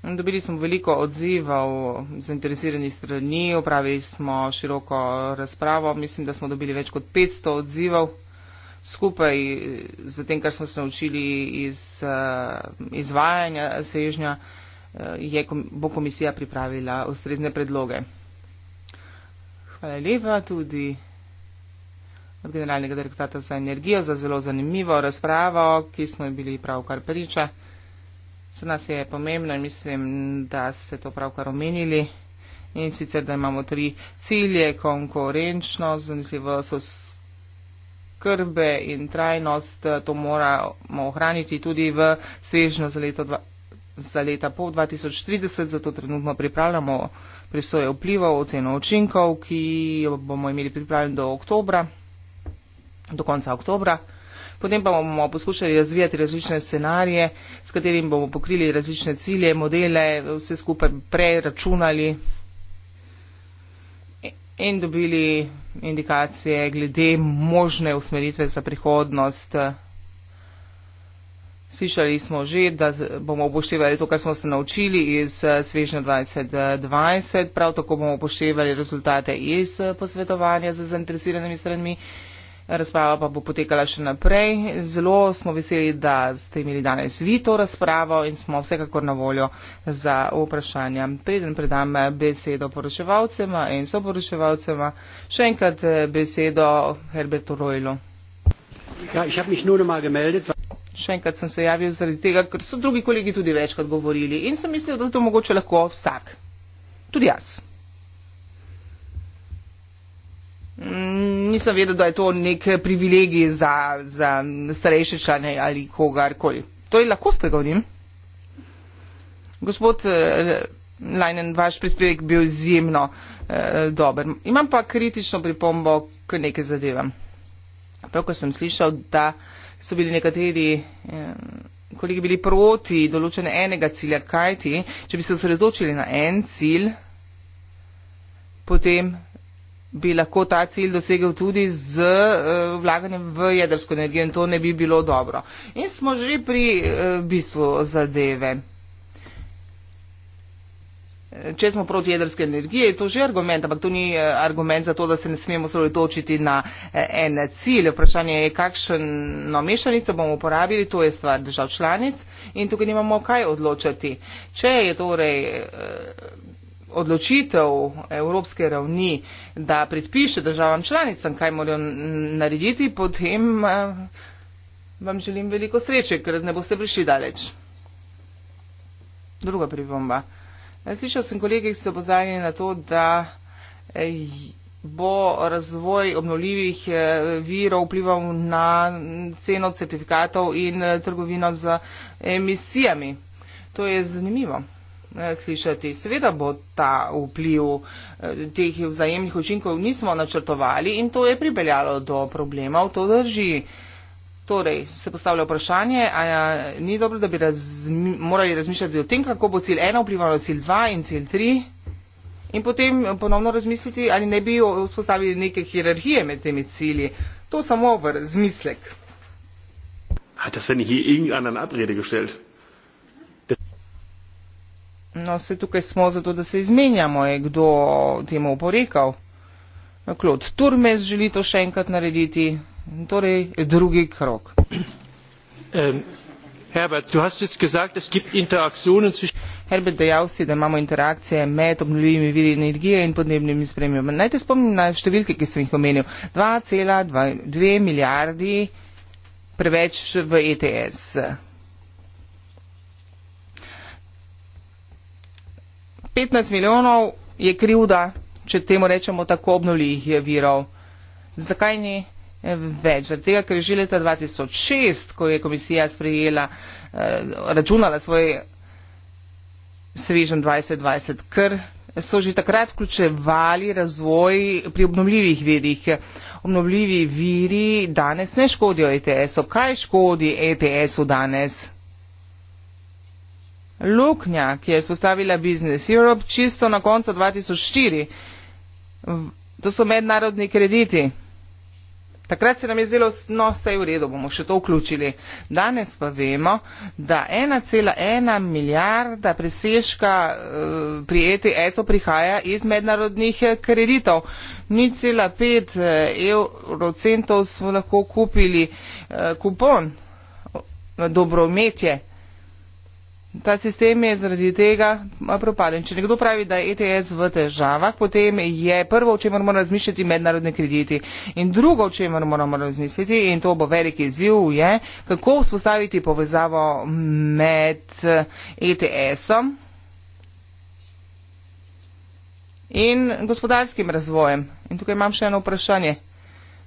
Dobili smo veliko odzivov zainteresiranih strani, opravili smo široko razpravo. Mislim, da smo dobili več kot 500 odzivov skupaj z tem, kar smo se naučili iz uh, izvajanja sežnja, uh, je, bo komisija pripravila ustrezne predloge. Hvala lepa tudi od generalnega direktorata za energijo za zelo zanimivo razpravo, ki smo jim bili pravkar priča. Za nas je pomembno in mislim, da ste to pravkar omenili. In sicer, da imamo tri cilje, konkurenčnost, zanesljivost, oskrbe in trajnost, eh, to moramo ohraniti tudi v svežno za leto, dva, za leta po 2030, zato trenutno pripravljamo presoje vplivov, oceno učinkov, ki jo bomo imeli pripravljen do oktobra, do konca oktobra. Potem pa bomo poskušali razvijati različne scenarije, s katerimi bomo pokrili različne cilje, modele, vse skupaj preračunali in dobili indikacije glede možne usmeritve za prihodnost. Slišali smo že, da bomo upoštevali to, kar smo se naučili iz eh, svežnja 2020, prav tako bomo upoštevali rezultate iz eh, posvetovanja z zainteresiranimi stranmi. Razprava pa bo potekala še naprej. Zelo smo veseli, da ste imeli danes vi to razpravo in smo vsekakor na voljo za vprašanja. Preden predam besedo poročevalcema in soporočevalcema, še enkrat besedo Herbertu Rojlu. Ja, še enkrat sem se javil zaradi tega, ker so drugi kolegi tudi večkrat govorili in sem mislil, da to mogoče lahko vsak. Tudi jaz. nisem vedel, da je to nek privilegij za, za starejše člane ali kogarkoli. To je lahko spregovorim. Gospod eh, Leinen, vaš prispevek bil izjemno eh, dober. Imam pa kritično pripombo k nekaj zadevam. Pravko sem slišal, da so bili nekateri eh, kolegi bili proti določene enega cilja, kajti, če bi se osredotočili na en cilj, potem bi lahko ta cilj dosegel tudi z eh, vlaganjem v jedrsko energijo in to ne bi bilo dobro. In smo že pri eh, bistvu zadeve. Eh, če smo proti jedrske energije, je to že argument, ampak to ni argument za to, da se ne smemo sredotočiti na en cilj. Vprašanje je, kakšno mešanico bomo uporabili, to je stvar držav članic in tukaj nimamo kaj odločati. Če je torej odločitev Evropske ravni, da predpiše državam članicam, kaj morajo narediti, potem eh, vam želim veliko sreče, ker ne boste prišli daleč. Druga pripomba. Eh, slišal sem kolegi, ki so pozvali na to, da eh, bo razvoj obnoljivih virov vplival na mm, ceno certifikatov in trgovino z emisijami. To je zanimivo. Eh, slišati. Seveda bo ta vpliv eh, teh vzajemnih učinkov nismo načrtovali in to je pripeljalo do problemov, to drži. Torej, se postavlja vprašanje, a ja, ni dobro, da bi razmi, morali razmišljati o tem, kako bo cilj ena vplivalo cilj dva in cilj tri in potem ponovno razmisliti, ali ne bi vzpostavili neke hierarhije med temi cilji. To samo v razmislek. Hat das denn hier irgendeinen Abrede gestellt? No, vse tukaj smo zato, da se izmenjamo, je kdo temu oporekal. Klot Turmes želi to še enkrat narediti, torej drugi krok. Herbert, dejal si, da imamo interakcije med obnovljivimi viri energije in podnebnimi spremembami. Naj te spomnim na številke, ki sem jih omenil. 2,2 milijardi preveč v ETS. petnajst milijonov je krivda če temu rečemo tako obnovljivih virov zakaj ni eh, več zaradi tega ker je že leta dva tisoč šest ko je komisija sprejela eh, računala svoj svežen dvajset dvajset ker so že takrat vključevali razvoj pri obnovljivih virih obnovljivi viri danes ne škodijo ets u kaj škodi ets u danes luknja, ki je spostavila Business Europe, čisto na koncu 2004. To so mednarodni krediti. Takrat se nam je zelo, no, vse je v redu, bomo še to vključili. Danes pa vemo, da 1,1 milijarda preseška eh, pri ETS-u prihaja iz mednarodnih eh, kreditov. 0,5 eh, evrocentov smo lahko kupili kupon, dobro umetje. Ta sistem je zaradi tega propaden. Če nekdo pravi, da je ETS v težavah, potem je prvo, o čemer moramo razmišljati, mednarodni krediti. In drugo, o čemer moramo razmišljati, in to bo veliki izziv, je, kako vzpostaviti povezavo med ETS-om eh, e in gospodarskim razvojem. In tukaj imam še eno vprašanje.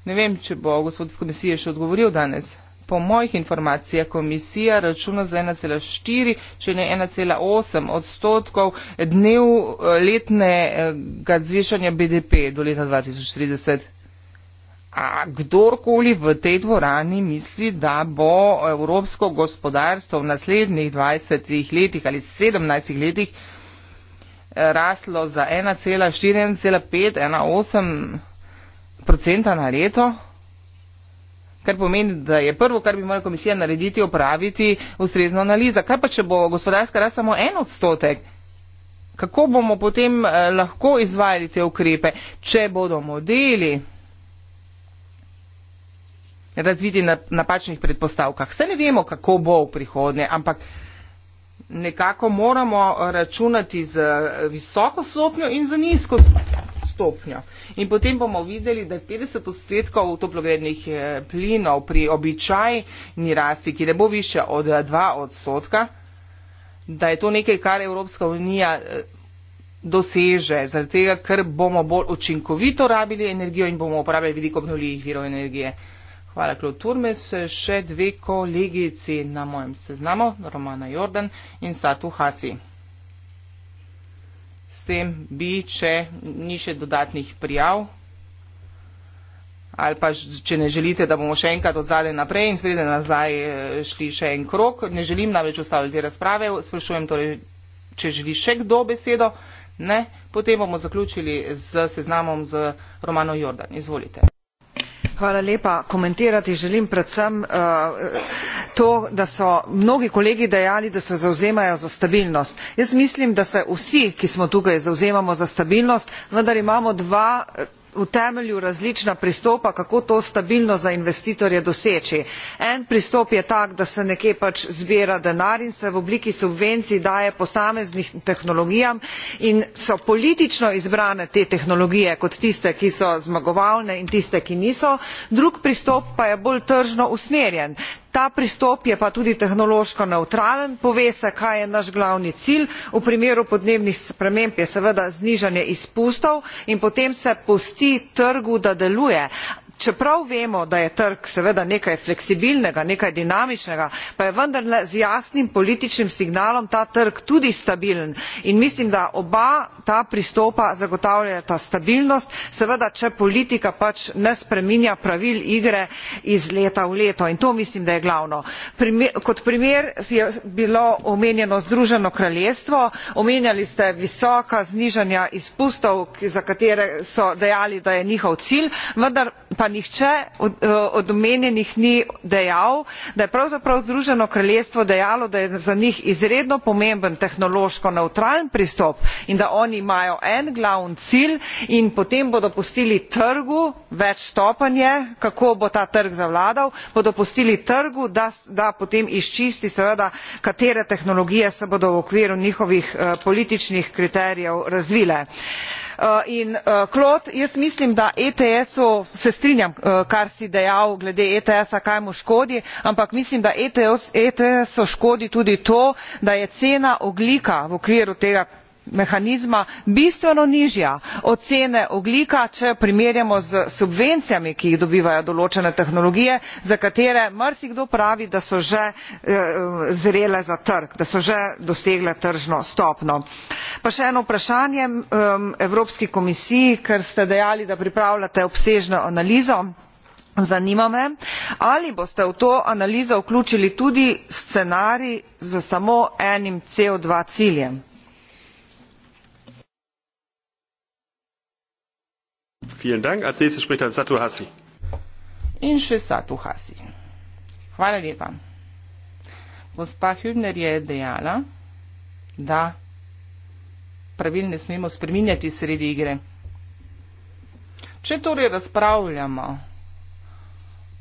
Ne vem, če bo gospod iz komisije še odgovoril danes po mojih informacijah komisija računa za ena štiri če ne ena osem odstotkov dnev eh, letnega zvišanja bdp do leta dva tisoč A kdorkoli v tej dvorani misli, da bo evropsko gospodarstvo v naslednjih 20 letih ali 17 letih eh, raslo za 1,4, 1,5, 1,8 procenta na leto? kar pomeni, da je prvo, kar bi morala komisija narediti, opraviti ustrezno analizo. Kaj pa, če bo gospodarska rast samo en odstotek? Kako bomo potem eh, lahko izvajali te ukrepe, če bodo modeli razviti na napačnih predpostavkah? Vse ne vemo, kako bo v prihodnje, ampak nekako moramo računati z eh, visoko stopnjo in z nizko stopnjo stopnjo. In potem bomo videli, da je 50 odstotkov toplogrednih eh, plinov pri običajni rasti, ki ne bo više od 2 eh, odstotka, da je to nekaj, kar Evropska unija eh, doseže, zaradi tega, ker bomo bolj učinkovito rabili energijo in bomo uporabljali veliko obnovljivih virov energije. Hvala, Klo Turmes. Še dve kolegici na mojem seznamu, Romana Jordan in Satu Hasi tem bi, če ni še dodatnih prijav ali pa če ne želite, da bomo še enkrat odzade naprej in sredi nazaj eh, šli še en krok. Ne želim namreč ustaviti razprave, sprašujem torej, če želi še kdo besedo. Ne, potem bomo zaključili z seznamom z Romano Jordan. Izvolite komentirati želim predvsem eh, to da so mnogi kolegi dejali da se zavzemajo za stabilnost. jaz mislim da se vsi ki smo tukaj zavzemamo za stabilnost vendar imamo dva različna pristopa v temelju različna pristopa kako to stabilnost za investitorje doseči. en pristop je tak da se nekje pač zbira denar in se v obliki subvencij daje posameznim tehnologijam in so politično izbrane te tehnologije kot tiste ki so zmagovalne in tiste ki niso drug pristop pa je bolj tržno usmerjen ta pristop je pa tudi tehnološko nevtralen pove se kaj je naš glavni cilj v primeru podnebnih sprememb je seveda znižanje izpustov in potem se pusti trgu da deluje čeprav vemo da je trg seveda nekaj fleksibilnega nekaj dinamičnega pa je vendarle z jasnim političnim signalom ta trg tudi stabilen in mislim da oba ta pristopa zagotavljata stabilnost seveda če politika pač ne spreminja pravil igre iz leta v leto in to mislim da je glavno. kot primer je bilo omenjeno združeno kraljestvo omenjali ste visoka znižanja izpustov za katere so dejali da je njihov cilj vendar pa nihče eh, od omenjenih ni dejal da je pravzaprav združeno kraljestvo dejalo da je za njih izredno pomemben tehnološko nevtralen pristop in da oni imajo en glavni cilj in potem bodo pustili trgu več stopenj je kako bo ta trg zavladal bodo pustili trgu da potem izčisti seveda katere tehnologije se bodo v okviru njihovih eh, političnih kriterijev razvile. Eh, in eh, claude jaz mislim da ets se strinjam eh, kar si dejal glede ets kaj mu škodi ampak mislim da ets e škodi tudi to da je cena ogljika v okviru tega mehanizma bistveno nižja od cene ogljika če jo primerjamo s subvencijami ki jih dobivajo določene tehnologije za katere marsikdo pravi da so že eh, zrele za trg da so že dosegle tržno stopnjo. pa še eno vprašanje ehm, evropski komisiji ker ste dejali da pripravljate obsežno analizo zanima me ali boste v to analizo vključili tudi scenarij s samo enim co ciljem? Vielen Dank. Als nächstes spricht dann Satu Hassi. Inši Satu Hassi. Hvala lepa. Gospa Hübner je dejala, da pravil ne smemo spreminjati sredi igre. Če torej razpravljamo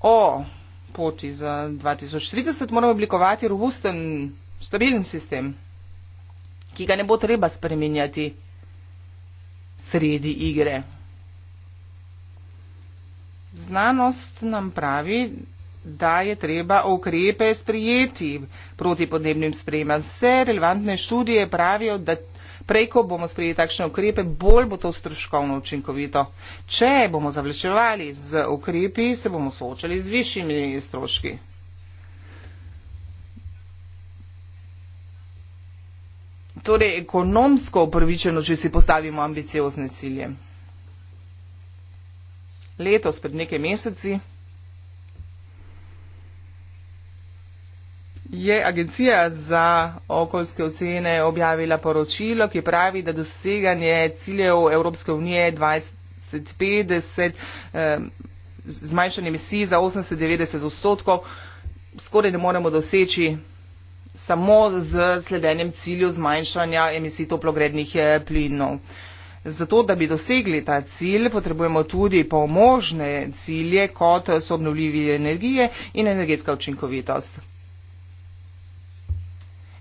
o poti za 2030, moramo oblikovati robusten, stabilen sistem, ki ga ne bo treba spreminjati sredi igre. Znanost nam pravi, da je treba ukrepe sprijeti proti podnebnim spremem. Vse relevantne študije pravijo, da preko bomo sprijeli takšne ukrepe, bolj bo to stroškovno učinkovito. Če bomo zavlečevali z ukrepi, se bomo soočali z višjimi stroški. Torej, ekonomsko upravičeno, če si postavimo ambiciozne cilje letos pred nekaj meseci je Agencija za okoljske ocene objavila poročilo, ki pravi, da doseganje ciljev Evropske unije 2050 eh, zmanjšanje emisij za 80-90 odstotkov skoraj ne moremo doseči samo z sledenjem cilju zmanjšanja emisij toplogrednih eh, plinov. Eh, Zato, da bi dosegli ta cilj, potrebujemo tudi pomožne cilje, kot so obnovljivi energije in energetska učinkovitost.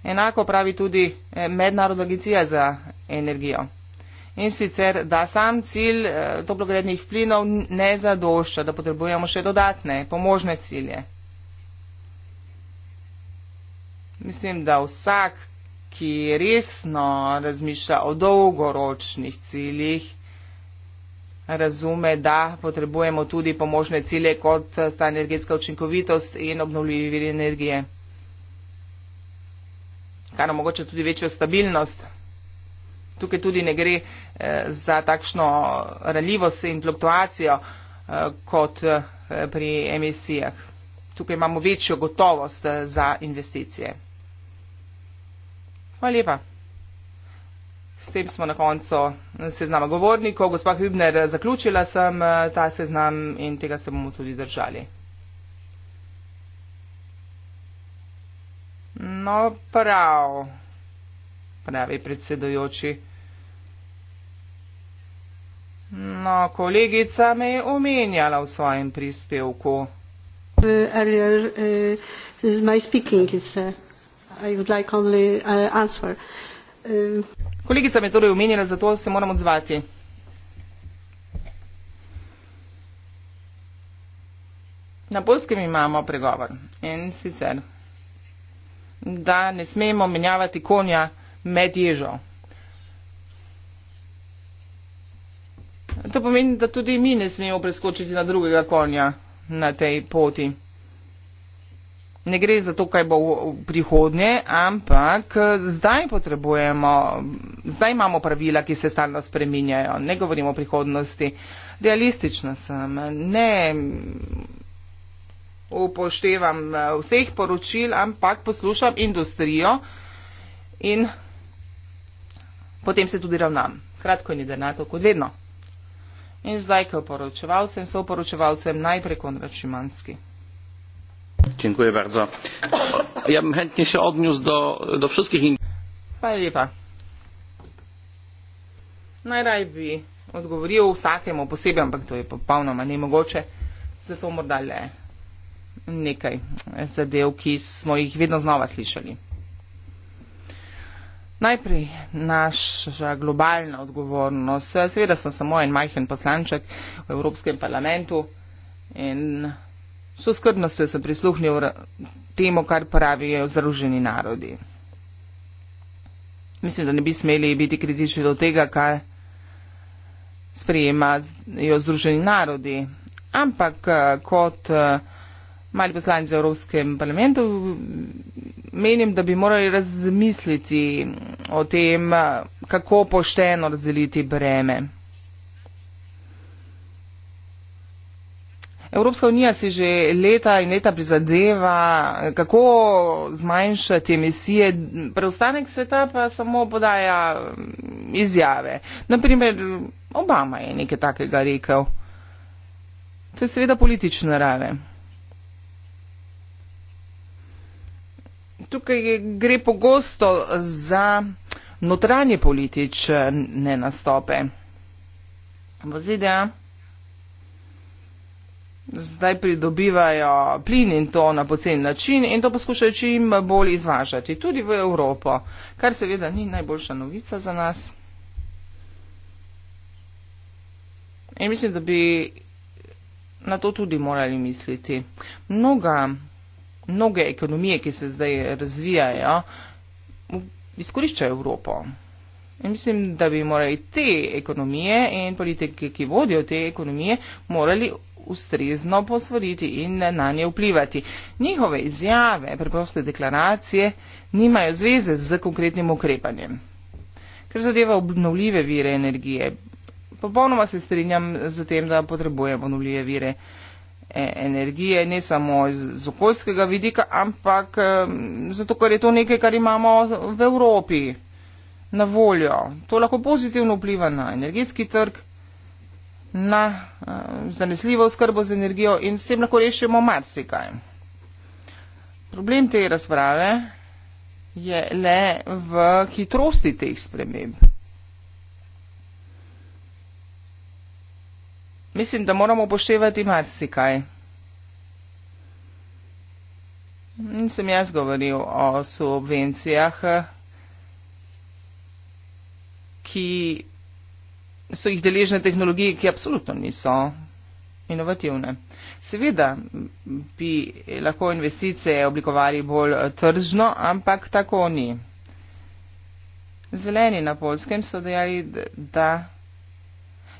Enako pravi tudi eh, Mednarodna agencija za energijo. In sicer, da sam cilj eh, toplogrednih plinov ne zadošča, da potrebujemo še dodatne pomožne cilje. Mislim, da vsak, ki resno razmišlja o dolgoročnih ciljih, razume, da potrebujemo tudi pomožne cilje, kot sta energetska učinkovitost in obnovljivi viri energije, kar omogoča tudi večjo stabilnost. Tukaj tudi ne gre eh, za takšno raljivost in fluktuacijo eh, kot eh, pri emisijah. Tukaj imamo večjo gotovost za investicije. Hvala lepa. S tem smo na koncu seznama govornikov. Gospa Hübner, zaključila sem eh, ta seznam in tega se bomo tudi držali. No, prav, pravi predsedujoči. No, kolegica me je omenjala v svojem prispevku. Uh, earlier, uh, eh, this is my speaking, it's, uh... Eh, Uh, uh, kolegica me je torej omenila zato se moram odzvati na poljskem imamo pregovor in sicer da ne smemo menjavati konja med ježo to pomeni da tudi mi ne smemo preskočiti na drugega konja na tej poti ne gre za to, kaj bo v prihodnje, ampak eh, zdaj potrebujemo, zdaj imamo pravila, ki se stalno spreminjajo, ne govorimo o prihodnosti. Realistična sem, ne upoštevam eh, vseh poročil, ampak poslušam industrijo in potem se tudi ravnam. Kratko in jedernato, kot vedno. In zdaj, ko poročevalcem, so poročevalcem najprej konračimanski ja bym chętnie się odniósł do, do wszystkich in... Lepa. Najraj bi odgovoril vsakemu posebej, ampak to je popolnoma nemogoče. Zato morda le nekaj zadev, ki smo jih vedno znova slišali. Najprej naša globalna odgovornost. Seveda sem samo en majhen poslanček v Evropskem parlamentu in S skrbnostjo sem prisluhnil temu, kar pravijo Združeni narodi. Mislim, da ne bi smeli biti kritični do tega, kar sprejemajo Združeni narodi. Ampak eh, kot eh, mali poslanec v Evropskem parlamentu menim, da bi morali razmisliti o tem, eh, kako pošteno razdeliti breme. Evropska unija si že leta in leta prizadeva, kako zmanjšati emisije, preostanek sveta pa samo podaja mm, izjave. Naprimer, Obama je nekaj takega rekel. To je seveda politične rave. Tukaj gre pogosto za notranje politične nastope. V ZDA zdaj pridobivajo plin in to na pocen način in to poskušajo čim bolj izvažati, tudi v Evropo, kar seveda ni najboljša novica za nas. In mislim, da bi na to tudi morali misliti. Mnoga, mnoge ekonomije, ki se zdaj razvijajo, izkoriščajo Evropo. In mislim, da bi morali te ekonomije in politike, ki vodijo te ekonomije, morali ustrezno posvoriti in na nje vplivati. Njihove izjave, preproste deklaracije, nimajo zveze z konkretnim ukrepanjem. Ker zadeva obnovljive vire energije. Popolnoma se strinjam z tem, da potrebujemo obnovljive vire e, energije, ne samo z okoljskega vidika, ampak zato, ker je to nekaj, kar imamo v Evropi na voljo. To lahko pozitivno vpliva na energetski trg na eh, zanesljivo oskrbo z energijo in s tem lahko rešimo marsikaj. Problem te razprave je le v hitrosti teh sprememb. Mislim, da moramo upoštevati marsikaj. In sem jaz govoril o subvencijah, ki so jih deležne tehnologije, ki apsolutno niso inovativne. Seveda bi lahko investicije oblikovali bolj tržno, ampak tako ni. Zeleni na polskem so dejali, da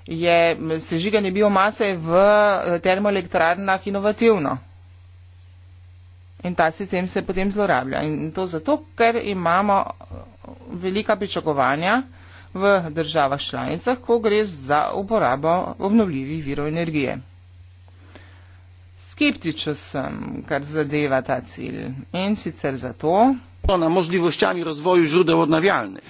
je sežiganje biomase v termoelektrarnah inovativno. In ta sistem se potem zlorablja. In to zato, ker imamo velika pričakovanja, v državah članicah, ko gre za uporabo obnovljivih virov energije. Skeptičen sem, kar zadeva ta cilj in sicer zato, na možnostjami razvoju žrude odnavljalnih.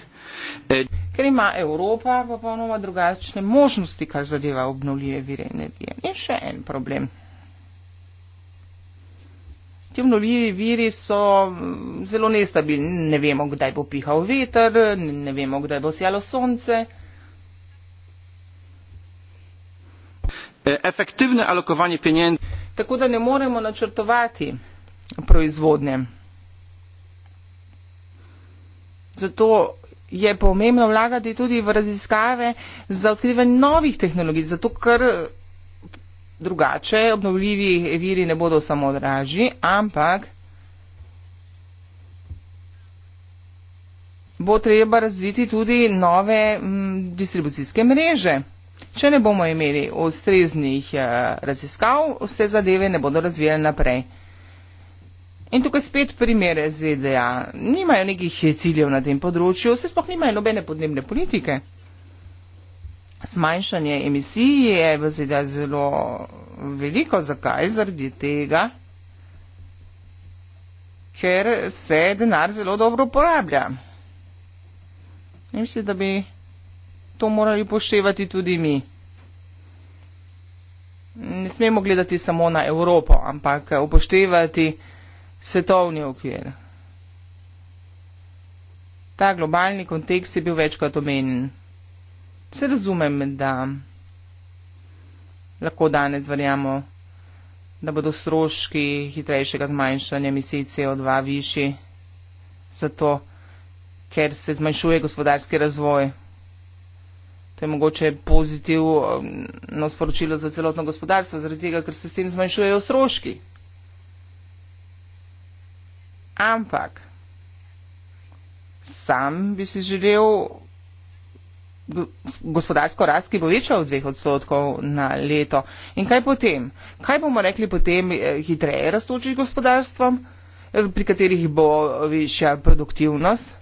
E... Ker ima Evropa popolnoma drugačne možnosti, kar zadeva obnovljive vire energije. In še en problem. Ti obnovljivi viri so mm, zelo nestabilni. Ne vemo, kdaj bo pihal veter, ne vemo, kdaj bo sjalo sonce. E, Efektivno alokovanje pieniędzy. Tako da ne moremo načrtovati proizvodnje. Zato je pomembno vlagati tudi v raziskave za odkrivanje novih tehnologij, zato ker drugače, obnovljivi viri ne bodo samo dražji, ampak bo treba razviti tudi nove distribucijske mreže. Če ne bomo imeli ustreznih eh, raziskav, vse zadeve ne bodo razvijale naprej. In tukaj spet primere ZDA. Nimajo nekih ciljev na tem področju, se spoh nimajo nobene podnebne politike zmanjšanje emisij je v ZDA zelo veliko. Zakaj? Zaradi tega, ker se denar zelo dobro uporablja. Mislim, da bi to morali poštevati tudi mi. Ne smemo gledati samo na Evropo, ampak upoštevati svetovni okvir. Ta globalni kontekst je bil večkrat omenjen se razumem, da lahko danes verjamo, da bodo stroški hitrejšega zmanjšanja emisij CO2 višji, zato ker se zmanjšuje gospodarski razvoj. To je mogoče pozitivno sporočilo za celotno gospodarstvo, zaradi tega, ker se s tem zmanjšujejo stroški. Ampak sam bi si želel gospodarsko rast, ki bo večja od dveh odstotkov na leto. In kaj potem? Kaj bomo rekli potem eh, hitreje rastočih gospodarstvom, eh, pri katerih bo višja produktivnost?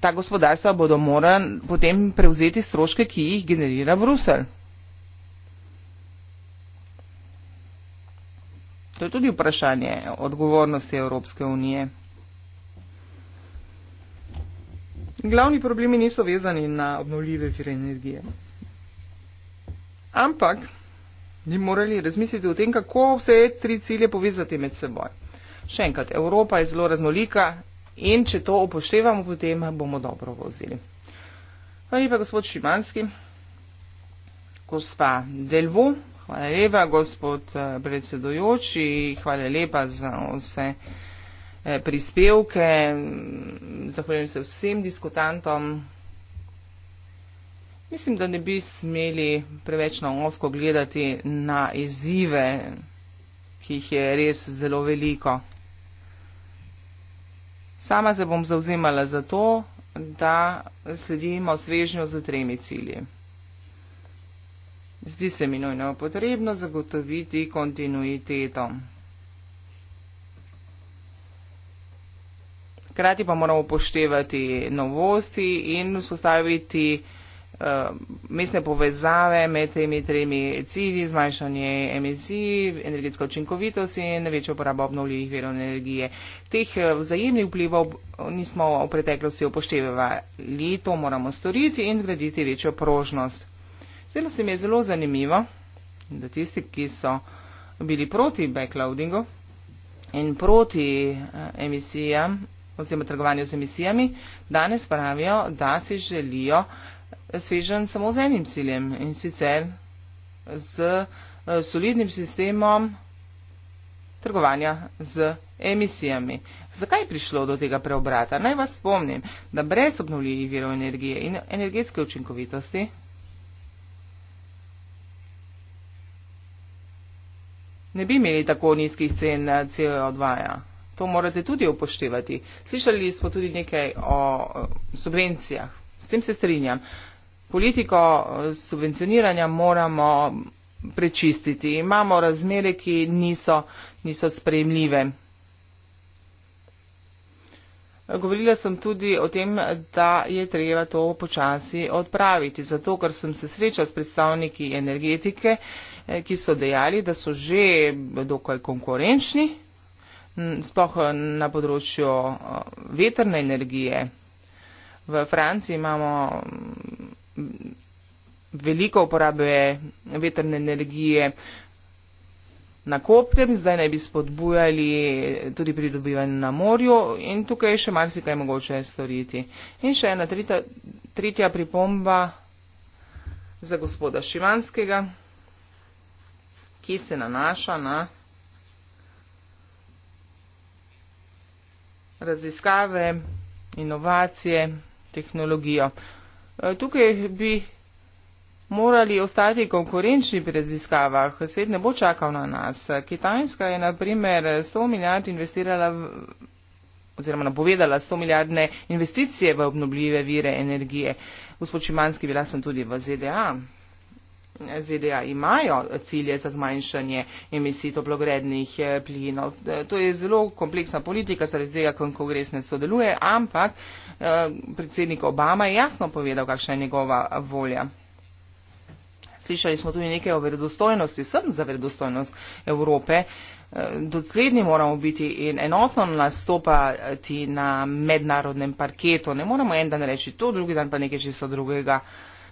Ta gospodarstva bodo morala potem prevzeti stroške, ki jih generira Brusel. To je tudi vprašanje odgovornosti Evropske unije. glavni problemi niso vezani na obnovljive vire energije. Ampak bi morali razmisliti o tem, kako vse tri cilje povezati med seboj. Še enkrat, Evropa je zelo raznolika in če to upoštevamo, potem bomo dobro vozili. Hvala lepa, gospod Šimanski, gospa Delvo, hvala lepa, gospod eh, predsedojoči, hvala lepa za vse. Eh, prispevke. Zahvaljujem se vsem diskutantom. Mislim, da ne bi smeli preveč na osko gledati na izzive, ki jih je res zelo veliko. Sama se bom zauzemala za to, da sledimo svežnjo z tremi cilji. Zdi se mi nujno potrebno zagotoviti kontinuiteto. hkrati pa moramo upoštevati novosti in vzpostaviti uh, mestne povezave med temi tremi cilji, zmanjšanje emisij, energetska učinkovitost in večjo uporabo obnovljivih verov energije. Teh eh, vzajemnih vplivov nismo v preteklosti upoštevali, to moramo storiti in graditi večjo prožnost. Zelo se mi je zelo zanimivo, da tisti, ki so bili proti backloadingu in proti eh, emisijam oziroma trgovanju z emisijami, danes pravijo, da si želijo svežen samo z enim ciljem in sicer z eh, solidnim sistemom trgovanja z emisijami. Zakaj je prišlo do tega preobrata? Naj vas spomnim, da brez obnovljivih virov energije in energetske učinkovitosti ne bi imeli tako nizkih cen eh, CO2. -ja. To morate tudi upoštevati. Slišali smo tudi nekaj o subvencijah. S tem se strinjam. Politiko e, subvencioniranja moramo prečistiti. Imamo razmere, ki niso, niso sprejemljive. Govorila sem tudi o tem, da je treba to počasi odpraviti, zato ker sem se srečala s predstavniki energetike, e, ki so dejali, da so že dokaj konkurenčni sploh eh, na področju eh, veterne energije. V Franciji imamo mm, veliko uporabe veterne energije na kopnem, zdaj naj bi spodbujali tudi pridobivanje na morju in tukaj še marsikaj mogoče storiti. In še ena tretja, tretja pripomba za gospoda Šivanskega, ki se nanaša na. raziskave, inovacije, tehnologijo. E, tukaj bi morali ostati konkurenčni pri raziskavah. Svet ne bo čakal na nas. Kitajska je na primer 100 milijard investirala v, oziroma napovedala 100 milijardne investicije v obnobljive vire energije. Gospod Šimanski, bila sem tudi v ZDA. ZDA imajo cilje za zmanjšanje emisij toplogrednih eh, plinov. Eh, to je zelo kompleksna politika, zaradi tega kongres ne sodeluje, ampak eh, predsednik Obama je jasno povedal, kakšna je njegova volja. Slišali smo tudi nekaj o verodostojnosti, sem za verodostojnost Evrope. Dosledni moramo biti in enotno nastopati na mednarodnem parketu. Ne moramo en dan reči to, drugi dan pa nekaj čisto drugega.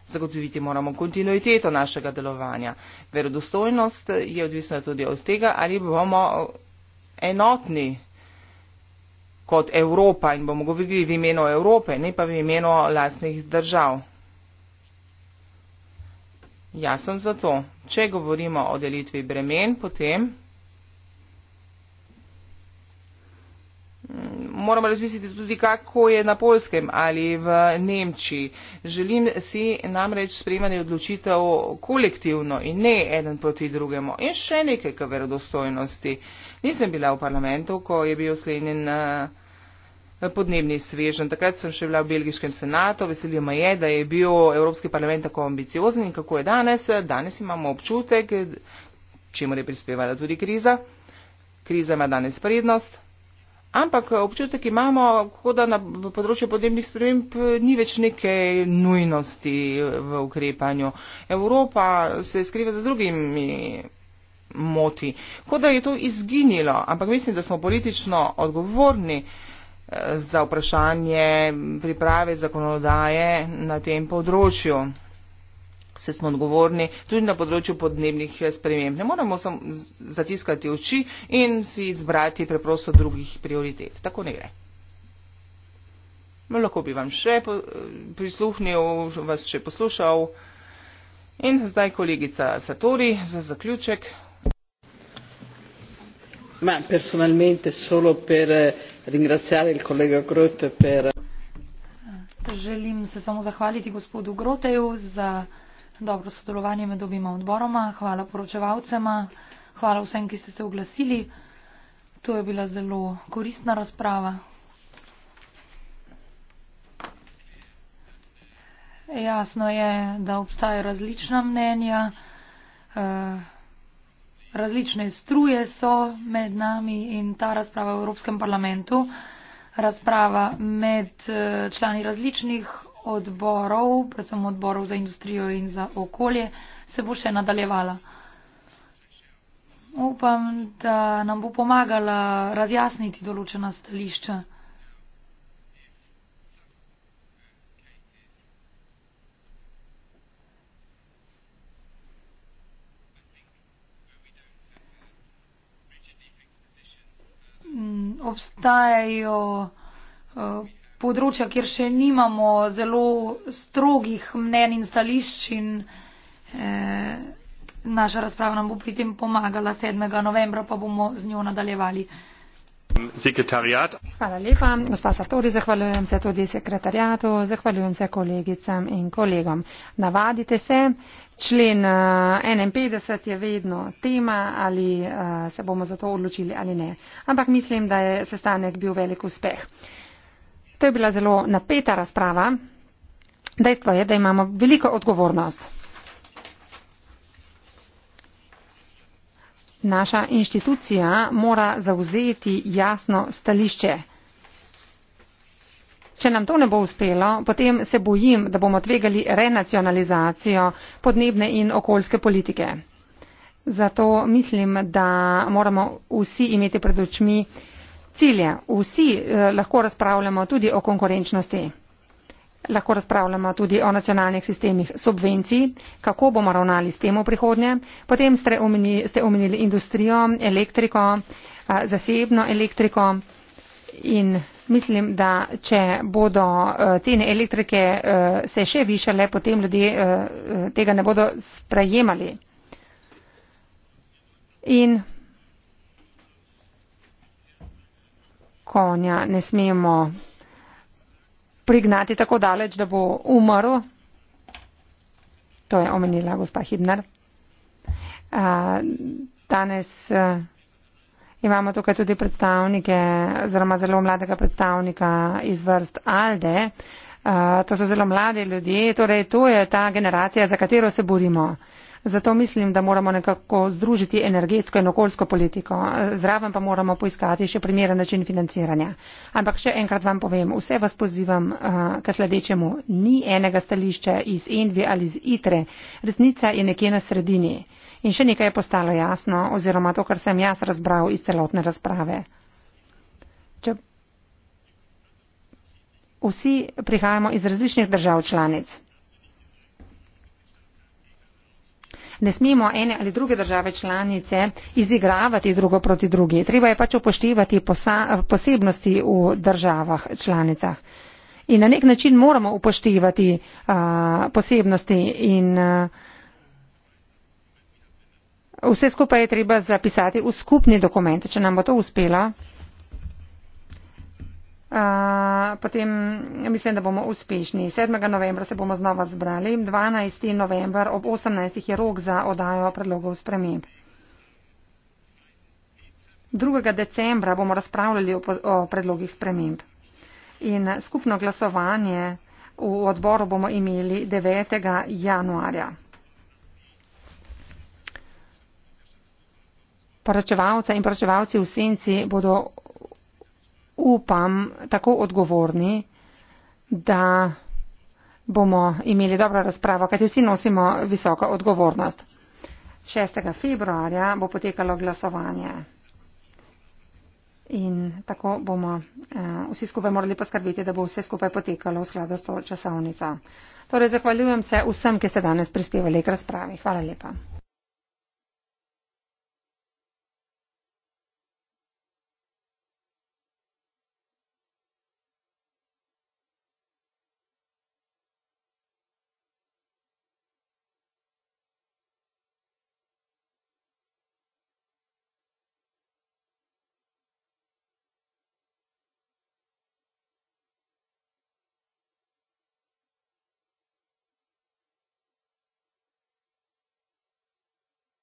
Zagotoviti moramo kontinuiteto našega delovanja. Verodostojnost je odvisna tudi od tega, ali bomo eh, enotni kot Evropa in bomo govorili v imenu Evrope, ne pa v imenu lastnih držav. Jaz sem za to. Če govorimo o delitvi bremen, potem moramo razmisliti tudi, kako je na Polskem ali v Nemčiji. Želim si namreč sprejemanje odločitev kolektivno in ne eden proti drugemu. In še nekaj k verodostojnosti. Nisem bila v parlamentu, ko je bil sklenjen eh, podnebni svežen. Takrat sem še bila v belgijskem senatu. Veselijo me je, da je bil Evropski parlament tako ambiciozen in kako je danes. Danes imamo občutek, čemu je prispevala tudi kriza. Kriza ima danes prednost, ampak občutek imamo, da na področju podnebnih sprememb ni več neke nujnosti v ukrepanju. Evropa se skriva za drugimi moti. Kot da je to izginilo, ampak mislim, da smo politično odgovorni eh, za vprašanje priprave zakonodaje na tem področju se smo odgovorni tudi na področju podnebnih eh, sprememb. Ne moramo samo zatiskati oči in si izbrati preprosto drugih prioritet. Tako ne gre. Lahko bi vam še eh, prisluhnil, vas še poslušal. In zdaj kolegica Satori za zaključek. Ma personalmente solo per eh, ringraziare il collega Grote per. Želim se samo zahvaliti gospodu Groteju za dobro sodelovanje med obima odboroma, hvala poročevalcema, hvala vsem, ki ste se oglasili. To je bila zelo koristna razprava. Jasno je, da obstajajo različna mnenja, eh, različne struje so med nami in ta razprava v Evropskem parlamentu, razprava med eh, člani različnih odborov, predvsem odborov za industrijo in za okolje, se bo še nadaljevala. Upam, da nam bo pomagala razjasniti določena stališča. Mm, obstajajo uh, področja, kjer še nimamo zelo strogih mnen in stališč in eh, naša razprava nam bo pri tem pomagala 7. novembra, pa bomo z njo nadaljevali. Sekretarijat. Hvala lepa, gospod Sartori, zahvaljujem se tudi sekretarijatu, zahvaljujem se kolegicam in kolegom. Navadite se, člen 51 eh, je vedno tema, ali eh, se bomo za to odločili ali ne. Ampak mislim, da je sestanek bil velik uspeh. To je bila zelo napeta razprava. Dejstvo je, da imamo veliko odgovornost. Naša inštitucija mora zauzeti jasno stališče. Če nam to ne bo uspelo, potem se bojim, da bomo tvegali renacionalizacijo podnebne in okoljske politike. Zato mislim, da moramo vsi imeti pred očmi, cilje. Vsi eh, lahko razpravljamo tudi o konkurenčnosti. Lahko razpravljamo tudi o nacionalnih sistemih subvencij, kako bomo ravnali s tem v prihodnje. Potem ste omenili, ste omenili industrijo, elektriko, eh, zasebno elektriko in mislim, da če bodo eh, cene elektrike se še višale, potem ljudje tega ne bodo sprejemali. In konja ne smemo prignati tako daleč, da bo umrl. To je omenila gospa Hibner. Danes imamo tukaj tudi predstavnike, oziroma zelo mladega predstavnika iz vrst Alde. To so zelo mladi ljudje, torej to je ta generacija, za katero se borimo. Zato mislim, da moramo nekako združiti energetsko in okoljsko politiko. Zraven pa moramo poiskati še primeren način financiranja. Ampak še enkrat vam povem, vse vas pozivam eh, k sledečemu. Ni enega stališča iz Envi ali iz Itre. Resnica je nekje na sredini. In še nekaj je postalo jasno, oziroma to, kar sem jaz razbral iz celotne razprave. Če vsi prihajamo iz različnih držav članic. ne smemo ene ali druge države članice izigravati drugo proti drugi. Treba je pač upoštevati posa, posebnosti v državah članicah. In na nek način moramo upoštevati uh, posebnosti in uh, vse skupaj je treba zapisati v skupni dokument, če nam bo to uspelo. Uh, potem mislim, da bomo uspešni. 7. novembra se bomo znova zbrali. 12. november ob 18. je rok za odajo predlogov sprememb. 2. decembra bomo razpravljali o, o predlogih sprememb. In skupno glasovanje v odboru bomo imeli 9. januarja. Poročevalce in poročevalci v senci bodo upam, tako odgovorni, da bomo imeli dobro razpravo, kajti vsi nosimo visoko odgovornost. 6. februarja bo potekalo glasovanje. In tako bomo uh, vsi skupaj morali poskrbeti, da bo vse skupaj potekalo v skladu s to časovnico. Torej, zahvaljujem se vsem, ki ste danes prispevali k razpravi. Hvala lepa.